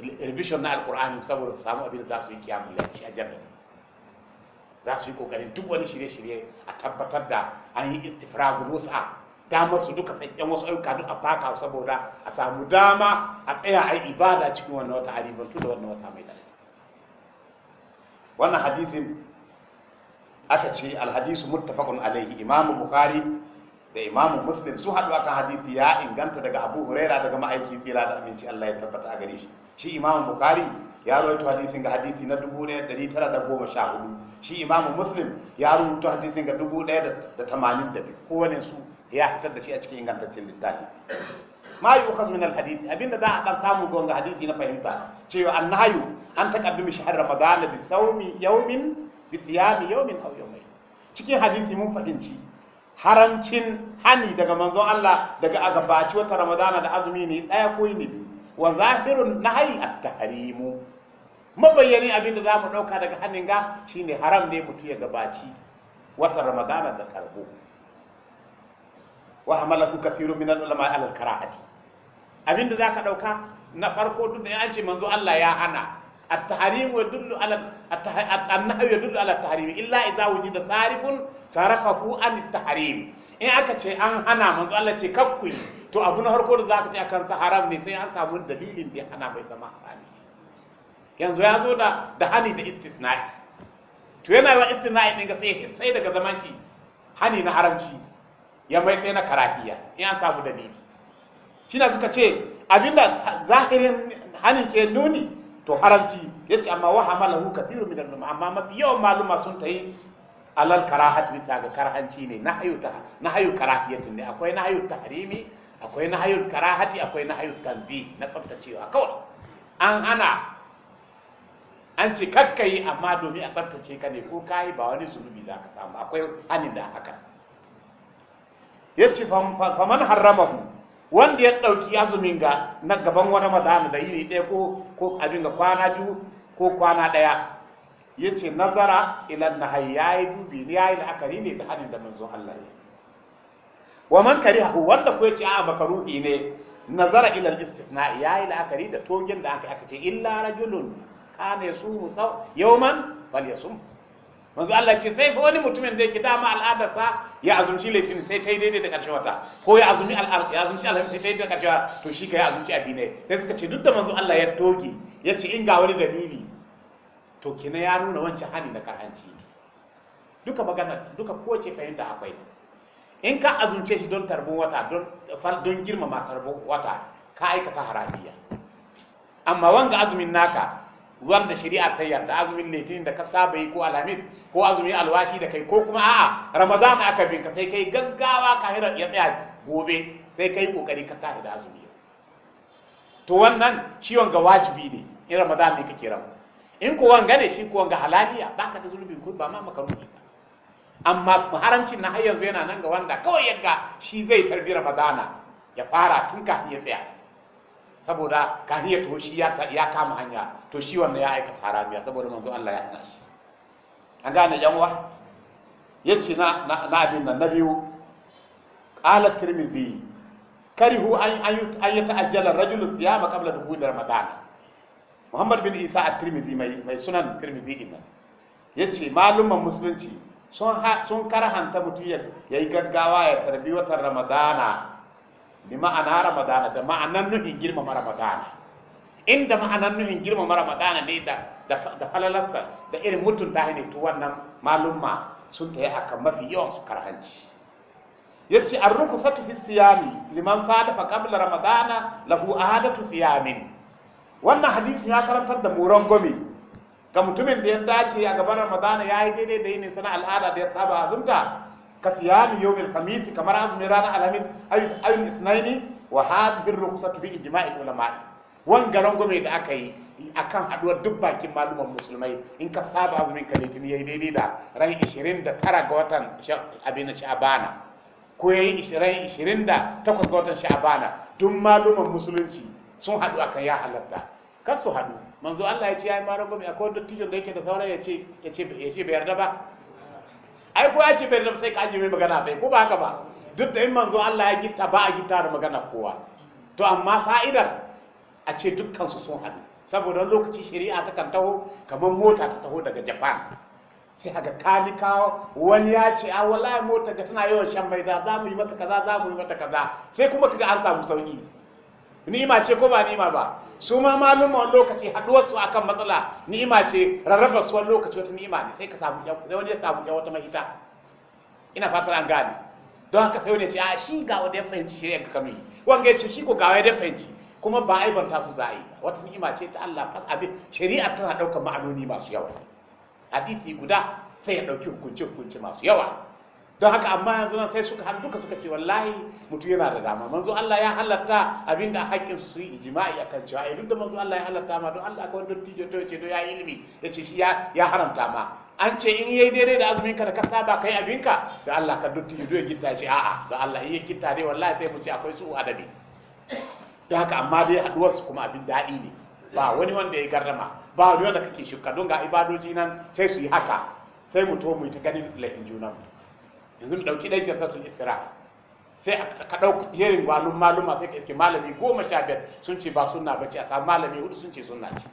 irbishon na alkur'ani saboda su samu abin da za su yi kiyamun laili shi a jannati za su yi kokarin duk wani shirye-shirye a tabbatar da an yi istifragu musa damar su duka sai yan wasu ayyuka duk a faka saboda a samu dama a tsaya a ibada cikin wannan wata haribantu da wannan wata mai daraja wannan hadisin aka ce alhadisu muttafaqun alaihi imamu bukhari da imamu muslim su haɗu akan hadisi ya inganta daga abu huraira daga ma'aiki tsira da aminci allah ya tabbata a gare shi shi imamu bukhari ya rawaito hadisin ga hadisi na 1914 shi imamu muslim ya rawaito hadisin ga 1082 kowane su ya fitar da shi a cikin ingantaccen littafi ma yi ukas min alhadisi abinda za a dan samu gonga hadisi na fahimta cewa annahayu an taqaddimi shahr ramadan bi sawmi yawmin bi siyami yawmin aw cikin hadisi mun fahimci haramcin hani daga manzon Allah daga agabaci wata ramadana da azumi ne daya ko ne biyu wa zahirun nahayi at-tahrimu mabayyani abinda za mu ɗauka daga hanin ga shine haram ne mutu ya gabaci wata ramadana da karbo wa hamalaku kasiru min al-ulama ala al-karahati abinda zaka dauka na farko duk da yace manzo Allah ya hana at-tahrim wa dullu ala an-nahyu yadullu ala at-tahrim illa idza wujida sarifun sarafahu an at-tahrim in aka ce an hana manzo Allah ce kakku to abu na farko da zaka ce akan sa haram ne sai an samu dalilin da hana bai zama haram yanzu ya zo da da hani da istisna'i to yana yawan istisna'i din ga sai sai daga zaman shi hani na haramci ya mai sai na karahiya in an samu dalili shine suka ce abinda zahirin hanin ke nuni to haramci yace amma wa hamalahu kasiru min al amma mafi yawan maluma sun ta yi. alal karahat bisa ga karahanci ne na hayu ta na hayu karahiyatin ne akwai na hayu tahrimi akwai na hayu karahati akwai na hayu tanzi na tsaftacewa kawai an ana an ce kakkayi amma domin a tsaftace ka ne ko kayi ba wani zunubi za ka samu akwai hanin da haka ya ce faman haramahu wanda ya ɗauki azumin ga na gaban wani madana da yini ɗaya ko abin ga kwana biyu ko kwana ɗaya ya ce nazara ilan na ya yi dubi ne ya yi la'akari ne da hadin da manzo Allah ne wa man karihahu wanda ko ya ce a makaruhi ne nazara ilal istisna ya yi la'akari da togen da aka ce illa rajulun kana yasumu yawman ya yasum manzo Allah ce sai fa wani mutumin da yake dama al'adarsa ya azumci litinin sai ta yi daidai da karshen wata ko ya azumi ya azumci alhamis sai ta yi daidai da karshen wata to shi ka ya azumci a ne sai suka ce duk da manzo Allah ya toge ya ce in ga wani dalili to kina ya nuna wancan hali na karhanci duka magana duka kowace fahimta akwai in ka azumce shi don tarbon wata don girmama tarbon wata ka aikata harabiya amma wanga azumin naka wanda shari'a ta yarda azumin litinin da ka saba yi ko alhamis ko azumin alwashi da kai ko kuma a'a ramadan aka bin ka sai kai gaggawa ka hira ya tsaya gobe sai kai kokari ka tahi da azumi to wannan ciwon ga wajibi ne in ramadan ne kake rawa in ko wanga ne shi ko wanga halaliya baka da zulubin ku ba ma amma haramcin na har yanzu yana nan ga wanda kawai yagga shi zai tarbi ramadana ya fara tun kafin ya tsaya saboda kahiya to shi ya kama hanya to shi wannan ya aikata haramiya saboda manzo Allah ya hana shi an gane yan uwa yace na na abin nan na biyu qala tirmizi karihu an an yata'ajjala rajul siyama qabla dukhul ramadan muhammad bin isa at-tirmizi mai mai sunan tirmizi din nan yace maluman musulunci sun sun karhanta mutum ya yi gaggawa ya tarbi watan ramadana bi ma'ana ramadana da ma'anan nuhin girmama ramadana inda ma'anan nuhin girmama ramadana ne da da falalarsa da irin mutunta ne to wannan malumma sun ta yi akan mafi yawan su karhanci ya ce an ruku satu fi siyami liman sadafa kabla ramadana lahu ahadatu siyamin wannan hadisi ya karantar da muran gome ga mutumin da ya dace a gaban ramadana ya yi daidai da yinin sana al'ada da ya saba azumta ka siyami yawmil khamis kamar azumin ranar alhamis ayyul isnaini wa hadhihi rukhsatu bi ijma'il ulama wanga rangwame da aka yi akan haduwar duk bakin maluman musulmai in ka saba azumin ka litini yayi daidai da ran 29 ga watan abin sha'bana ko yayi 20 da 8 ga watan sha'bana duk maluman musulunci sun hadu akan ya halatta kar su hadu manzo Allah ya ce ai ma rangwame akwai dattijo da yake da saurayi ya ce ya ce bai yarda ba ai ko ya ce bai sai ka ajiye mai magana sai ko ba haka ba duk da in manzo Allah ya gitta ba a gitta da magana kowa to amma fa'idar a ce dukkan su sun haɗu saboda lokaci shari'a ta kan taho kamar mota ta taho daga Japan sai haka kawo wani ya ce a wallahi mota ga tana yawan shan mai za mu yi mata kaza za mu yi mata kaza sai kuma kaga an samu sauki ni'ima ce ko ba ni'ima ba su ma malum wani lokaci haduwar su akan matsala ni'ima ce rarraba su wani lokaci wata ni'ima ne sai ka samu sai wani ya samu ya wata mahita ina fatar an gane don haka sai wani ya ce a ah, shi ga wani ya fahimci shari'a ga kanu wanga ya ce shi ko ga wani ya fahimci kuma ba ta su za yi wata ni'ima ce ta Allah fa abin shari'a tana ɗaukar ma'anoni masu yawa hadisi guda sai ya ɗauki hukunci-hukunci masu yawa don haka amma yanzu nan sai suka har duka suka ce wallahi mutum yana da dama manzo Allah ya halatta abin da hakkin su yi ijma'i akan cewa idan da manzo Allah ya halatta ma don Allah akwai wanda tijo to ce do ya ilimi ya ce shi ya ya haramta ma an ce in yayi daidai da azumin ka da ka saba kai abinka da Allah ka dutti do ya gitta ce a'a da Allah in ya gitta dai wallahi sai mu ce akwai su adabi don haka amma dai haduwar su kuma abin daɗi ne ba wani wanda ya garrama. ba wani wanda kake shuka don ga ibadoji nan sai su yi haka sai mu to mu yi ta ganin laifin mu yanzu mu dauki ɗan jalsatul isra sai ka ɗauka jerin gwanon maluma sai ka iske malami goma sha biyar sun ce ba sunna ba ce a samu malami hudu sun ce sunna ce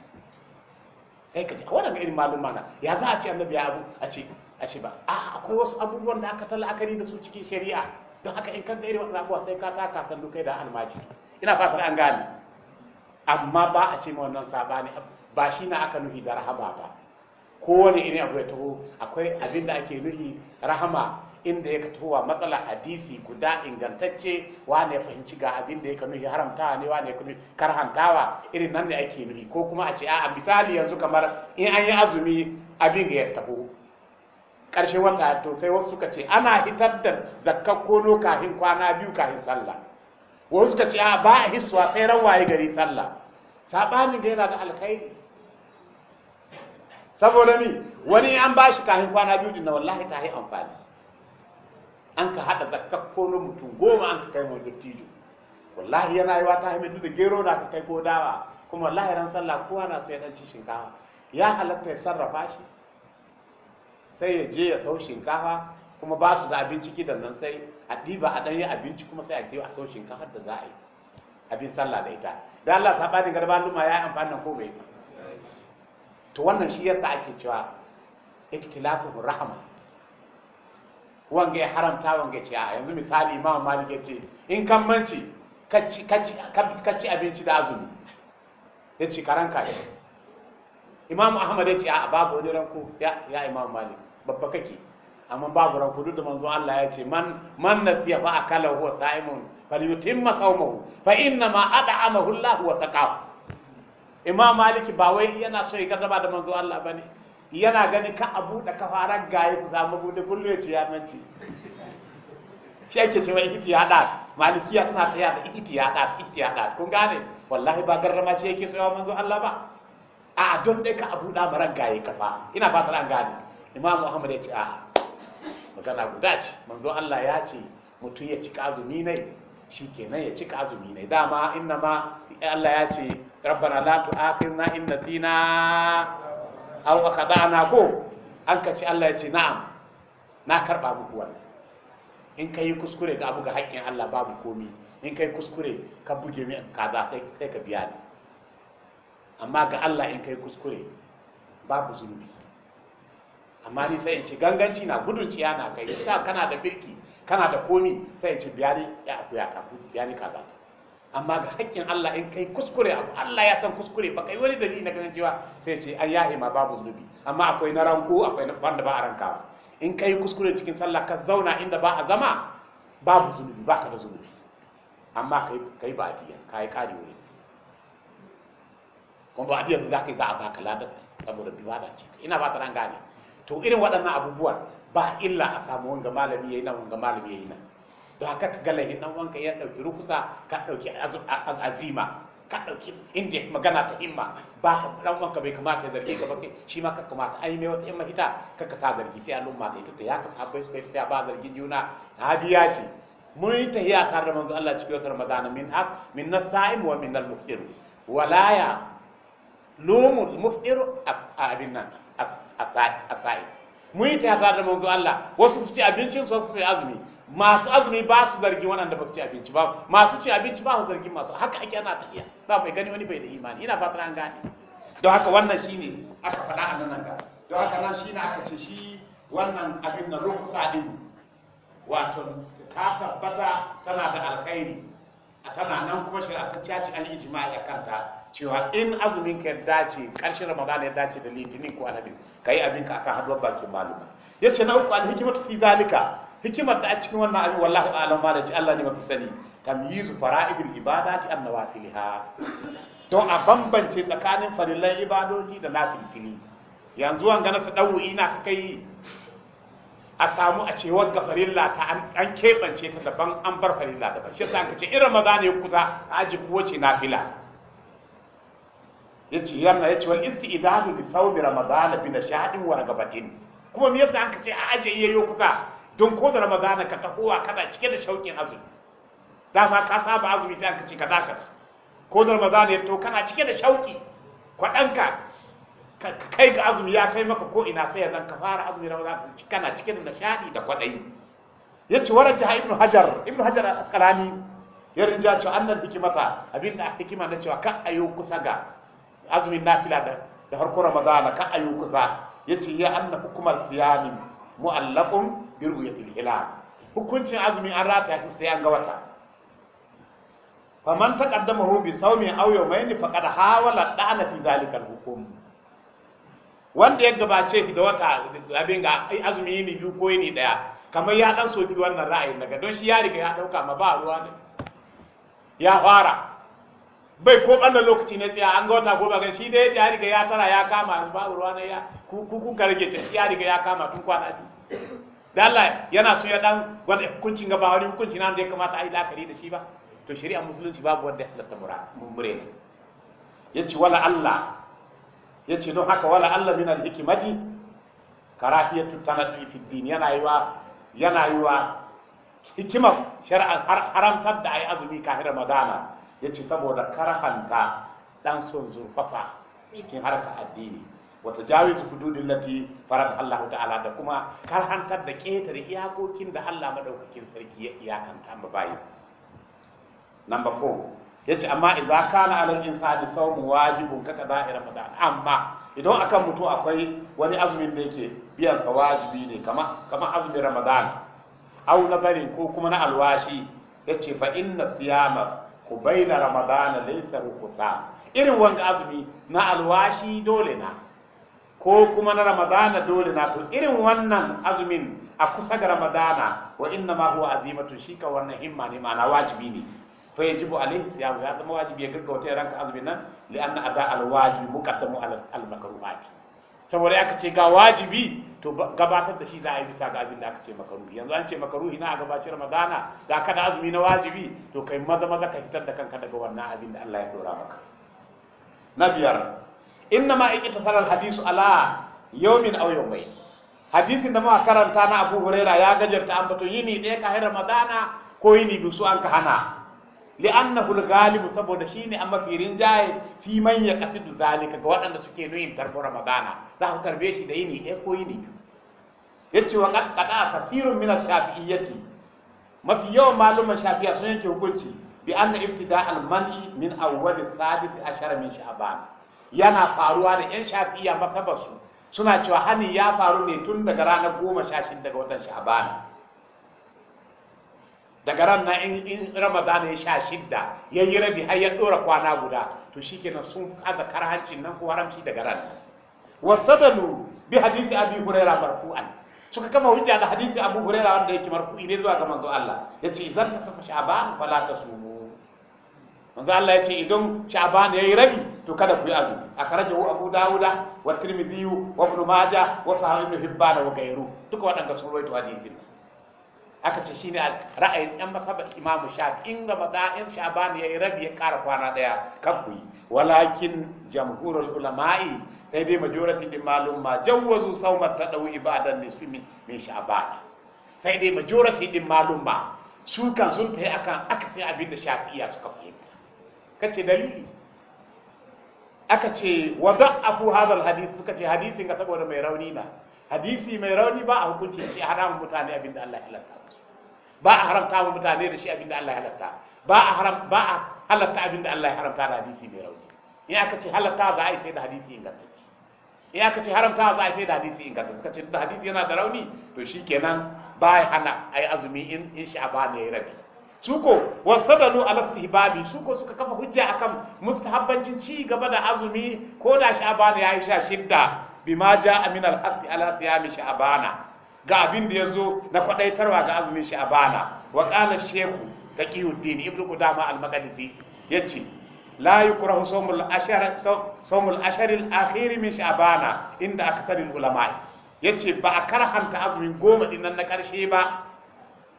sai ka ji a wannan irin maluma na ya za a ce annabi ya abu a ce a ce ba a akwai wasu abubuwan da aka talakari da su cikin shari'a don haka in kan irin wannan abubuwa sai ka taka san dukai da almaji ina fatar an gane amma ba a ce ma wannan sabani ba shi na aka nuhi da rahama ba kowane irin abu ya taho akwai abin da ake nuhi rahama inda ya wa matsala hadisi guda ingantacce wane ne fahimci ga abin da ya nuhi haramtawa ne wane ne nuhi karhantawa irin nan ne ake nuhi ko kuma a ce a misali yanzu kamar in an yi azumi abin ya taho ƙarshen wata to sai wasu suka ce ana hitar da zakkar kono kafin kwana biyu kafin sallah wasu suka ce a ba a hiswa sai rawaye gari sallah saɓanin da yana da alkhairi saboda ni wani an ba shi kafin kwana biyu din na wallahi ta yi amfani an ka haɗa zakka ko mutum goma an ka kai mu dattijo wallahi yana yi wata hamidu da gero da ka kai ko dawa kuma wallahi ran sallah kowa na so ya ci shinkafa ya halatta ya sarrafa shi sai ya je ya sau shinkafa kuma ba su da abinci gidan nan sai a ɗiba a yi abinci kuma sai a je a sau shinkafa da za a yi abin sallah da ita da Allah sabanin garba luma ya amfani da ko bai to wannan shi yasa ake cewa ikhtilafu rahama wanga ya haramta wanga ce a yanzu misali imam malik ya ce in kan manci ka ci abinci da azumi ya ce karan shi imam ahmad ya ce a babu wani ranko ya imam malik babba kake amma babu ranko duk da manzo Allah ya ce man man nasiya fa akala huwa sa'imun falyutimma sawmahu fa inna ma ad'amahu Allah wa saqahu imam malik ba wai yana so ya gardaba da manzo Allah bane yana gani ka a buɗe kafaran gaye su samu buɗe kullum ya ce ya mance shi ake cewa ihtiyadat malikiya tana ɗa da ya ɗa kun gane wallahi ba garrama ce yake tsayawa manzo Allah ba a don dai ka abu da maran gaye kafa ina fatar an gane imam Muhammad ya ce a magana guda ce manzo Allah ya ce mutum ya cika azumi ne shikenan ya cika azumi ne dama inna ma Allah ya ce rabbana la tu'akhirna in nasina da ana ko an ci Allah ya ce na'am na karba muku wannan in kai kuskure ga abu ga haƙƙin Allah babu komi in kai kuskure ka buge mi kaza sai sai ka biya ni amma ga Allah in kai kuskure babu zunubi amma ni sai in ci ganganci na gudun ciya na kai sa kana da birki kana da komi sai in ci biya ni ya akuya ka biya ni kaza amma ga haƙƙin Allah in kai kuskure abu Allah ya san kuskure ba kai wani dalili na ganin cewa sai ce an yahi ma babu zunubi amma akwai na ranko akwai wanda ba a rankawa in kai kuskure cikin sallah ka zauna inda ba a zama babu zunubi ba ka da zunubi amma kai kai ba adiya kai kare wuri kuma ba adiya za ka yi za a baka ladar saboda bibada ce ina ba ta ran gane to irin waɗannan abubuwan ba illa a samu wanga malami yi nan wanga malami yi nan da haka ka galahin dan wanka ya dauki rukusa ka dauki azima ka dauki inda magana ta himma ba ka dan wanka bai kamata ya zargi ka bakai shi ma ka kamata ai mai wata himma ita ka ka sa zargi sai al'umma ta ita ta ya ka bai su kai ba zargi juna hadiya ce mun yi hiya tare da manzo Allah cikin wata Ramadana min haq min nasa'im wa min al-muftir wala ya lumul muftir abin nan asai mun yi tahiya tare da manzo Allah wasu su ci abincin su wasu su yi azumi masu azumi ba su zargi waɗanda ba su ci abinci ba masu ci abinci ba su zargi masu haka ake ana tafiya ba mai gani wani bai da imani ina fatan an gane don haka wannan shine aka faɗa a nan ga don haka nan shine aka ce shi wannan abin na rukusa din wato ta tabbata tana da alkhairi a tana nan kuma a ta caci an yi jima'i a kanta cewa in azumin ka ya dace ƙarshen ramadan ya dace da litinin ko alamin ka yi abinka akan haduwar bakin maluma ya ce na uku alhikimatu fi zalika hikimar da a cikin wannan abin wallahu alam ba da ci Allah ne mafi sani tamyizu fara'idul ibadati an nawafilha don a bambance tsakanin farillan ibadoji da nafilfili yanzu an gana ta dawo ina ka kai a samu a ce wagga farilla ta an keɓance ta daban an bar farilla daban shi yasa an kace irin maza ne kusa a aji kuwa ce nafila yace yamma yace wal isti'dadu li sawmi ramadan bi nashadin wa ragabatin kuma me yasa an kace a aje yayyo kusa don ko da ramadana ka tahowa kana cike da shauƙin azumi dama ka saba azumi sai ka ce ka dakata ko da ramadana ya to kana cike da shauƙi kwaɗanka ka kai ga azumi ya kai maka ko ina sai ya ka fara azumi ramadana kana cike da nishaɗi da kwaɗayi ya ce warar jiha ibnu hajar ibnu hajar askalani ya rinja cewa annan hikimata abin da hikima na cewa ka ayo kusa ga azumin nafila da da harkar ramadana ka ayo kusa ya ce ya anna hukumar siyamin mu'allaqun bi ru'yatil hilal hukuncin azumi an rata sai an ga wata faman hu bi sawmi aw yawmayn faqad hawala da'ana fi zalikal hukum wanda ya gabace da wata abin ga azumi ne biyu ko ne daya kamar ya dan soki wannan ra'ayin daga don shi ya riga ya dauka ma ba ruwa ne ya fara bai ko ɓannan lokaci na tsaya an ga wata goma kan shi dai ya riga ya tara ya kama babu ruwa na ya kukun karge rage ta ya riga ya kama tun kwana biyu da Allah yana so ya dan gwada hukuncin ga ba wani hukunci na da ya kamata a yi la'akari da shi ba to shari'a musulunci babu wanda ya halatta mure ne ya ce wala Allah ya ce don haka wala Allah min al-hikimati karahiyatu tanadu fi din yana yiwa yana yi wa hikimar shari'ar haramtar da ayi azumi kafin ramadana ya ce saboda karahanta dan son zurfafa cikin harkar addini wata jawiz hududin lati farad Allah ta'ala da kuma karhantar da ƙetare iyakokin da Allah madaukakin sarki ya iyakanta ma bayinsa number 4 yace amma idza kana alal insani sawmu wajibun ka kaza ira fada amma idan akan mutum akwai wani azumin da yake biyan sa wajibi ne kama kama azumin ramadan au nazarin ko kuma na alwashi yace fa inna siyama ku na ramadana laysa rukusa irin wanga azumi na alwashi dole na ko kuma na ramadana dole na to irin wannan azumin a kusa ga ramadana wa inna ma huwa azimatu shi ka wannan himma ne ma'ana wajibi ne fa yajibu alaihi siyam ya zama wajibi ya gaggauta ranka azumin nan li anna ada alwajibi muqaddamu al makruhat saboda aka ce ga wajibi to gabatar da shi za a yi bisa ga abin da aka ce makaruhi yanzu an ce makaruhi na a gabaci ramadana ga kada azumi na wajibi to kai maza maza ka fitar da kanka daga wannan abin da Allah ya dora maka na biyar inna ma ikita salar hadisu ala yawmin aw mai hadisin da muka karanta na Abu Huraira ya gajarta bato yini ɗaya ka ramadana ko yini bisu an ka hana li'annahu al-ghalib saboda ne an mafi rinjaye fi man yaqsidu zalika ga waɗanda suke nuyin tarbo ramadana za ku tarbe shi da yini eh ko yini yace wa qad qada kasirun min ash-shafi'iyyati mafi yawan malaman shafi'a sun yanke hukunci bi anna ibtida al-man'i min awwal sadis ashara min sha'ban yana faruwa da yan shafi'a masabasu suna cewa hani ya faru ne tun daga ranar goma sha shida daga watan sha'ban daga ran na in ramadan ya sha shidda ya yi rabi har ya dora kwana guda to shi shikenan sun aza karhancin nan ko haramci daga ran wasadalu bi hadisi abi huraira marfu'an suka kama hujja da hadisi abu huraira wanda yake marfu'i ne zuwa ga manzo Allah ya ce zan ta safa sha'ban fala tasumu manzo Allah yace idan ya yi rabi to kada ku yi azumi akhrajahu abu dauda wa tirmidhi wa ibn majah wa sahih ibn hibban wa gairu duka wadanda sun rawaito hadisin aka ce shine ra'ayin yan masaba imam'u shafi in ramadan in shaban ya yi rabi ya kara kwana daya kan kuyi walakin jamhurul ulama'i sai dai majority din malum ma jawwazu sawmat tadawu ibadan nisfi min shaban sai dai majority din malum ma su kan sun yi akan akasin abin da shafi'iya suka fahimta kace dalili aka ce wa da'afu hadal hadisi suka ce hadisin ka saboda mai rauni na hadisi mai rauni ba a hukunci shi haramun mutane abin da Allah ya lantarki ba a haramta wa mutane da shi abinda Allah ya halatta ba a haram ba a halatta abinda Allah ya haramta da hadisi mai rauni in aka ce halatta za a yi sai da hadisi ingantacce in aka ce haramta za a yi sai da hadisi ingantacce suka ce da hadisi yana da rauni to shikenan ba ya hana a yi azumi in in sha'aba ne ya rabi su ko wasadalu ala istihbabi su ko suka kafa hujja akan mustahabbancin ci gaba da azumi ko da sha'aba ne ya yi sha shidda bima ja'a min al-hasi ala siyami sha'bana ga abin da ya zo na kwadaitarwa ga azumin shi a bana wa qala shehu taqiyuddin ibnu qudama al-maqdisi yace la yukrahu sawmul ashar sawmul ashar min sha'bana inda aksarul ulama yace ba a karhanta azumin goma din nan na karshe ba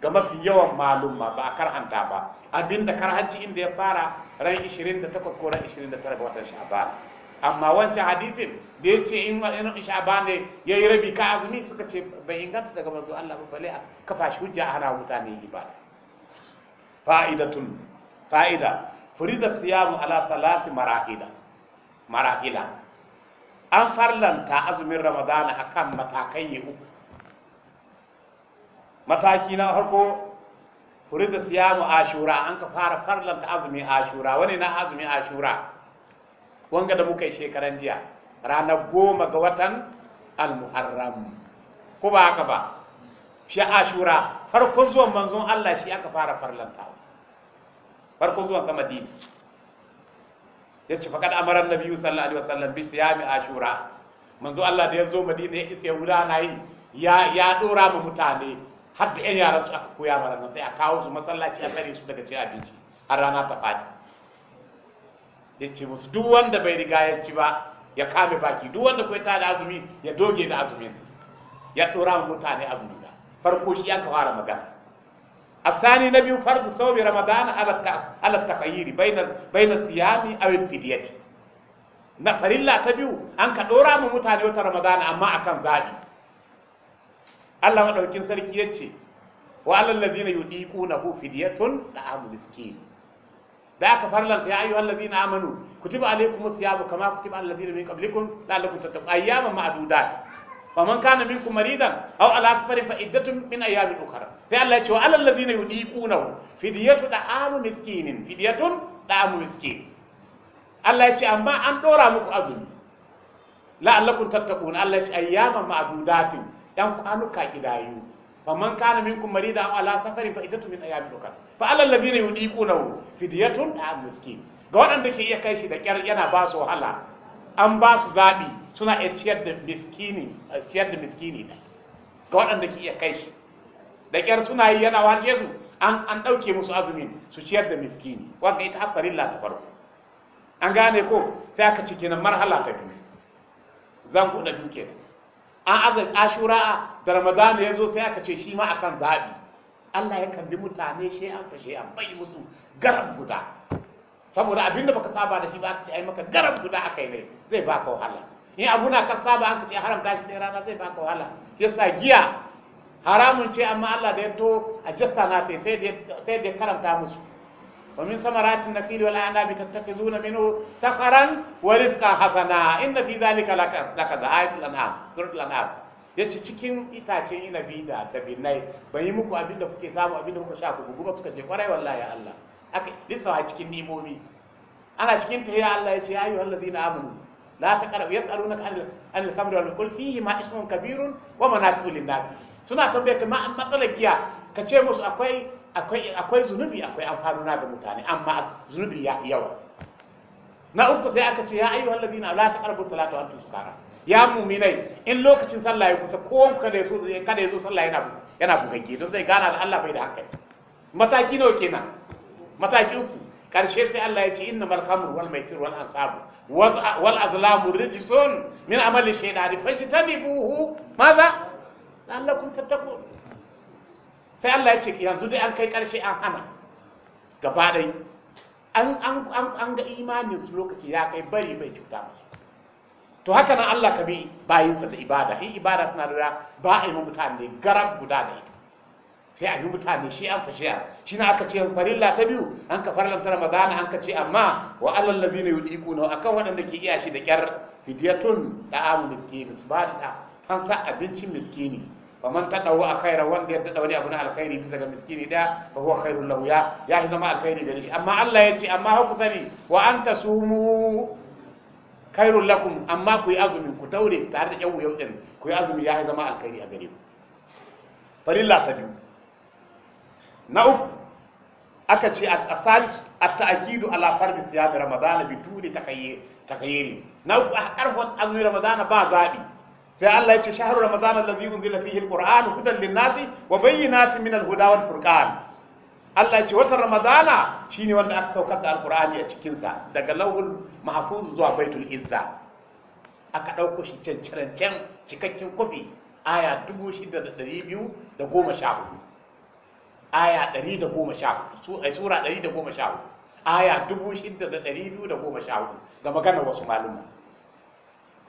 ga mafi yawan malumma ba a karhanta ba abinda karhanci inda ya fara ran 28 ko ran 29 ga watan sha'bana amma wancan hadisin da ya ce in sha'ban ne ya yi rabi ka azumi suka ce bai inganta daga manzo Allah ba bale a kafa shi hujja a hana mutane ibada fa'idatun fa'ida furida siyamu ala salasi marahila marahila an farlanta azumin ramadana akan matakai ya uku mataki na farko furida siyamu ashura an ka fara farlanta azumin ashura wani na azumin ashura wanga da muka yi shekaran jiya ranar goma ga watan almuharram ko ba haka ba shi ashura farkon zuwan manzon Allah shi aka fara farlantawa farkon zuwan sa madina yace faqad amara annabiyyu sallallahu alaihi wasallam bi siyami ashura manzon Allah da ya zo madina ya iske gudana yi ya ya dora mu mutane har da yan yaran su aka koya mana sai a kawo su masallaci a tsare su daga cikin abinci har rana ta fadi ya ce musu duk wanda bai riga ya ci ba ya kame baki duk wanda kuma ta da azumi ya doge da azuminsa ya dora mutane azumi da farko shi an fara magana الثاني نبي فرض صوم رمضان على على التخيير bayna siyami aw او na farilla ta biyu an ka dora mu mutane wata ramadana amma akan zabi Allah madaukin sarki yace wa alal ladzina hu fidyatun da'amu miskin da aka farlanta ya ayyuhal ladina amanu kutiba alaykumus siyamu kama kutiba alal ladina min qablikum la'allakum tattaqun ayyaman ma'dudat faman kana minkum maridan aw ala safarin fa iddatun min ayamin ukhra sai Allah ya ce wa alal ladina yudiquna fidyatu da'amu miskinin fidyatun da'amu miskin Allah ya ce amma an dora muku azumi la'allakum tattaqun Allah ya ce ayyaman ma'dudatin dan kwanuka kidayu فمن كان منكم مريضا او ala سفر fa idatu ايام ayamin ukar الذين ala فديه عن مسكين ga waɗanda ke iya kai shi da kyar yana ba su wahala an ba su zabi suna iya ciyar da miskini eh, ciyar da miskini ga waɗanda ke iya kai shi da kyar suna yi yana wahalshe su an an dauke musu azumin su ciyar da miskini wanda ita hafarin la ta farko an gane ko sai aka ci kenan marhala ta biyu zan kuɗa biyu kenan an azan ashura da ramadana ya zo sai aka ce shi ma akan zaɓi allah ya kalli mutane shi an fashe an bai musu garab guda saboda abinda baka saba da shi ba aka ce ai maka garab guda aka yi ne zai baka wahala in abu na ka saba an ka ce haramta shi ɗaya rana zai baka wahala yasa giya haramun ce amma allah da ya to a jasta na ta sai da ya karanta musu ومن ثمرات النخيل والأعناب تتخذون منه سخرا ورزقا حسنا إن في ذلك لكذا آية الأنعام سورة الأنعام yace cikin itacen inabi da dabinai ban yi muku abin da kuke samu abin da kuka sha ku gugu suka je kwarai wallahi Allah aka lissawa cikin nimomi ana cikin tahiyya Allah yace ya ayyuhal ladzina amanu la taqrabu yas'alunaka anil khamri wal qul fihi ma ismun kabirun wa manafi'u lin-nas suna tambaye ka ma matsalar giya ka ce musu akwai akwai zunubi akwai amfanuna ga mutane amma zunubi ya yawa na uku sai aka ce ya ayyuhal ladina la taqrabu salata wa antum sukara ya muminai in lokacin sallah ya kusa ko kada yaso kada yaso sallah yana yana bugagge don zai gana da Allah bai da hankali mataki nawa kenan mataki uku karshe sai Allah ya ce mal khamru wal maisir wal ansab wal azlamu rijsun min amali shaytani fashtanibuhu maza la'allakum tattaqun sai Allah ya ce yanzu dai an kai karshe an hana gaba ɗai an ga imanin su lokaci ya kai bari bai cuta masu to haka nan Allah ka bi bayinsa da ibada in ibada suna da ba a yi mutane garab guda da ita sai a bi mutane shi an fashiya shi na aka ce farilla ta biyu an ka ta ramadana an ka ce amma wa alal ladina yudiquna akan waɗanda ke iya shi da kyar fidyatun da amu miskini su ba da an sa abincin miskini fa man a khaira wanda ya dada wani abu na alkhairi bisa ga miskini da fa huwa khairul lahu ya ya zama alkhairi gare shi amma Allah ya ce amma ku sani wa anta sumu khairul lakum amma ku yi azumi ku taure tare da yau yau din ku yi azumi ya zama alkhairi a gare ku farilla ta biyu na uku aka ce a salis a ta'akidu ala fardi siyabi ramadana bi tuni takayyiri na uku a karfin azumin ramadana ba zaɓi sai Allah ya ce shahru ramadan allazi unzila fihi alquran hudan linnasi wa bayyinatin min alhuda wal furqan Allah ya ce watan ramadana shine wanda aka saukar da alqurani a cikin sa daga lawul mahfuz zuwa baitul izza aka dauko shi cancancan cikakken kofi aya 6214 aya 114 su ai sura 114 aya 6214 ga maganar wasu malumai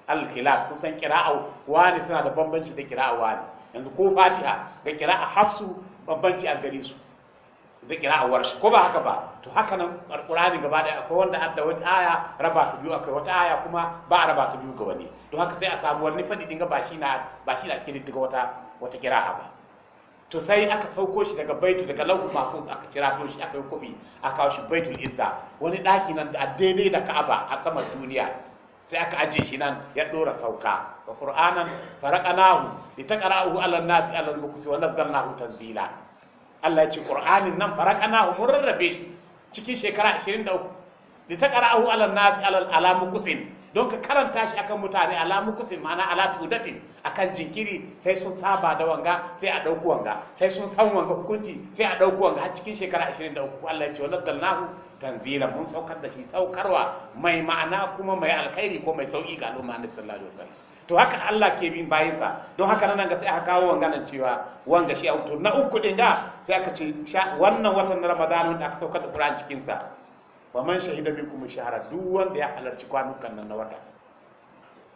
al-khilaf kun san qira'a wani tana da bambanci da qira'a wani yanzu ko fatiha da qira'a hafsu bambanci a gare su da qira'a warshi ko ba haka ba to haka nan alqur'ani gaba da akwai wanda adda wani aya raba ta biyu akwai wata aya kuma ba a raba ta biyu ga wani to haka sai a samu wani fadi dinga ba shi na ba shi na daga wata wata qira'a ba to sai aka sauko shi daga baitu daga lauhu mafus aka kira to shi aka yi kofi aka kawo shi baitul izza wani daki nan a daidai da ka'aba a saman duniya sai aka ajiye shi nan ya dora sauka wa qur'anan faraqnahu litaqra'ahu 'ala an-nasi 'ala al-mukusi wa nazzalnahu tanzila Allah ya ce qur'anin nan faraqnahu mun rarrabe shi cikin shekara 23 litaqra'ahu 'ala an-nasi 'ala al-mukusin don ka karanta shi akan mutane alamun kusin ma'ana ala tudatin akan jinkiri sai sun saba da wanga sai a ɗauku wanga sai sun san wanga hukunci sai a ɗauku wanga har cikin shekara 23 Allah ya ce wala dallahu tanzila mun saukar da shi saukarwa mai ma'ana kuma mai alkhairi ko mai sauki ga al'umma annabi sallallahu alaihi wasallam to haka Allah ke bin bayinsa don haka nan ga sai aka kawo wanga nan cewa wanga shi a na uku din ga sai aka ce wannan watan ramadanu da aka saukar da Qur'an cikin sa wa man shahida kuma shahara duk wanda ya halarci kwanukan nan na wata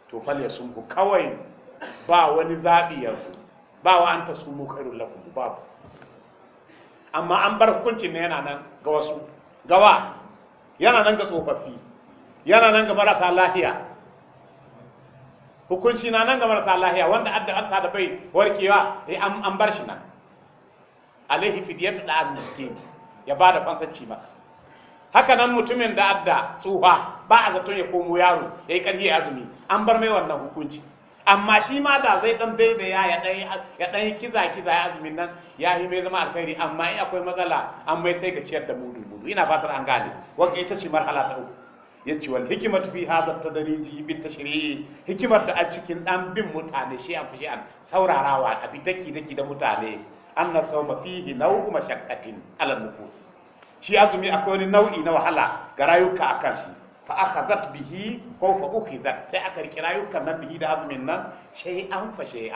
to fal sumu kawai ba wani zabi yanzu ba wa an tasumu khairul lakum babu amma an bar hukuncin ne yana nan ga wasu gawa yana nan ga tsofaffi yana nan ga marasa lahiya hukunci na nan ga marasa lahiya wanda adda ansa da bai warkewa eh, an bar shi nan alaihi fidiyatu da miskin ya bada fansanci maka haka nan mutumin da adda tsuha ba a zaton ya komo yaro ya yi ƙarfi azumi an bar mai wannan hukunci amma shi ma da zai dan daidaya ya dan ya dan kiza kiza ya azumin nan ya yi mai zama alkhairi amma in akwai matsala an mai sai ga ciyar da mudu mudu ina fatar an gane wanda ita ce marhala ta uku yace wal hikimatu fi hadha tadriji bi tashri'i hikimar da a cikin dan bin mutane shi an fushi an saurarawa abi daki da mutane anna sawma fihi naw'u mashaqqatin ala nufus shi azumi akwai wani nau'i na wahala ga rayuka a kan shi fa aka zat bihi ko fa uki zat sai aka riki rayukan nan bihi da azumin nan shai an fa a sai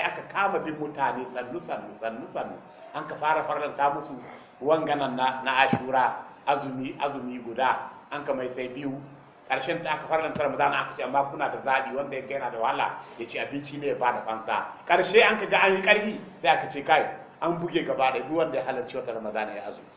aka kama bin mutane sannu sannu sannu sannu an ka fara farlanta musu wanganan na, na ashura azumi azumi guda an ka mai sai biyu karshen ta aka farlanta mazana aka ce amma kuna da zabi wanda ya gaina da wahala ya ci abinci ne ya bada fansa karshe an ka ga an yi ƙarfi, sai aka ce kai an buge gaba da duk wanda ya halarci wata ramadana ya azumi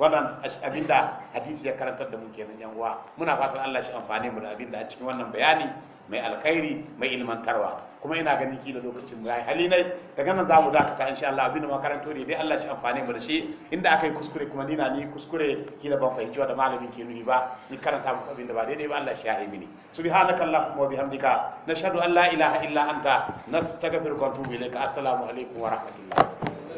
wannan abinda hadisi ya karantar da mu kenan yan uwa muna fatan Allah shi amfane mu da abinda a cikin wannan bayani mai alkhairi mai ilmantarwa kuma ina ganin kila lokacin mu yayi hali nai daga nan zamu dakata insha Allah abinda makaranto ne dai Allah shi amfane mu da shi inda aka yi kuskure kuma ni na ni kuskure kila ban fahimci da malamin ke nuni ba ni karanta muku abinda ba daidai ba Allah shi ya yi mini subhanaka allahumma wa bihamdika nashhadu an la ilaha illa anta nastaghfiruka wa atubu ilaika assalamu alaikum wa rahmatullahi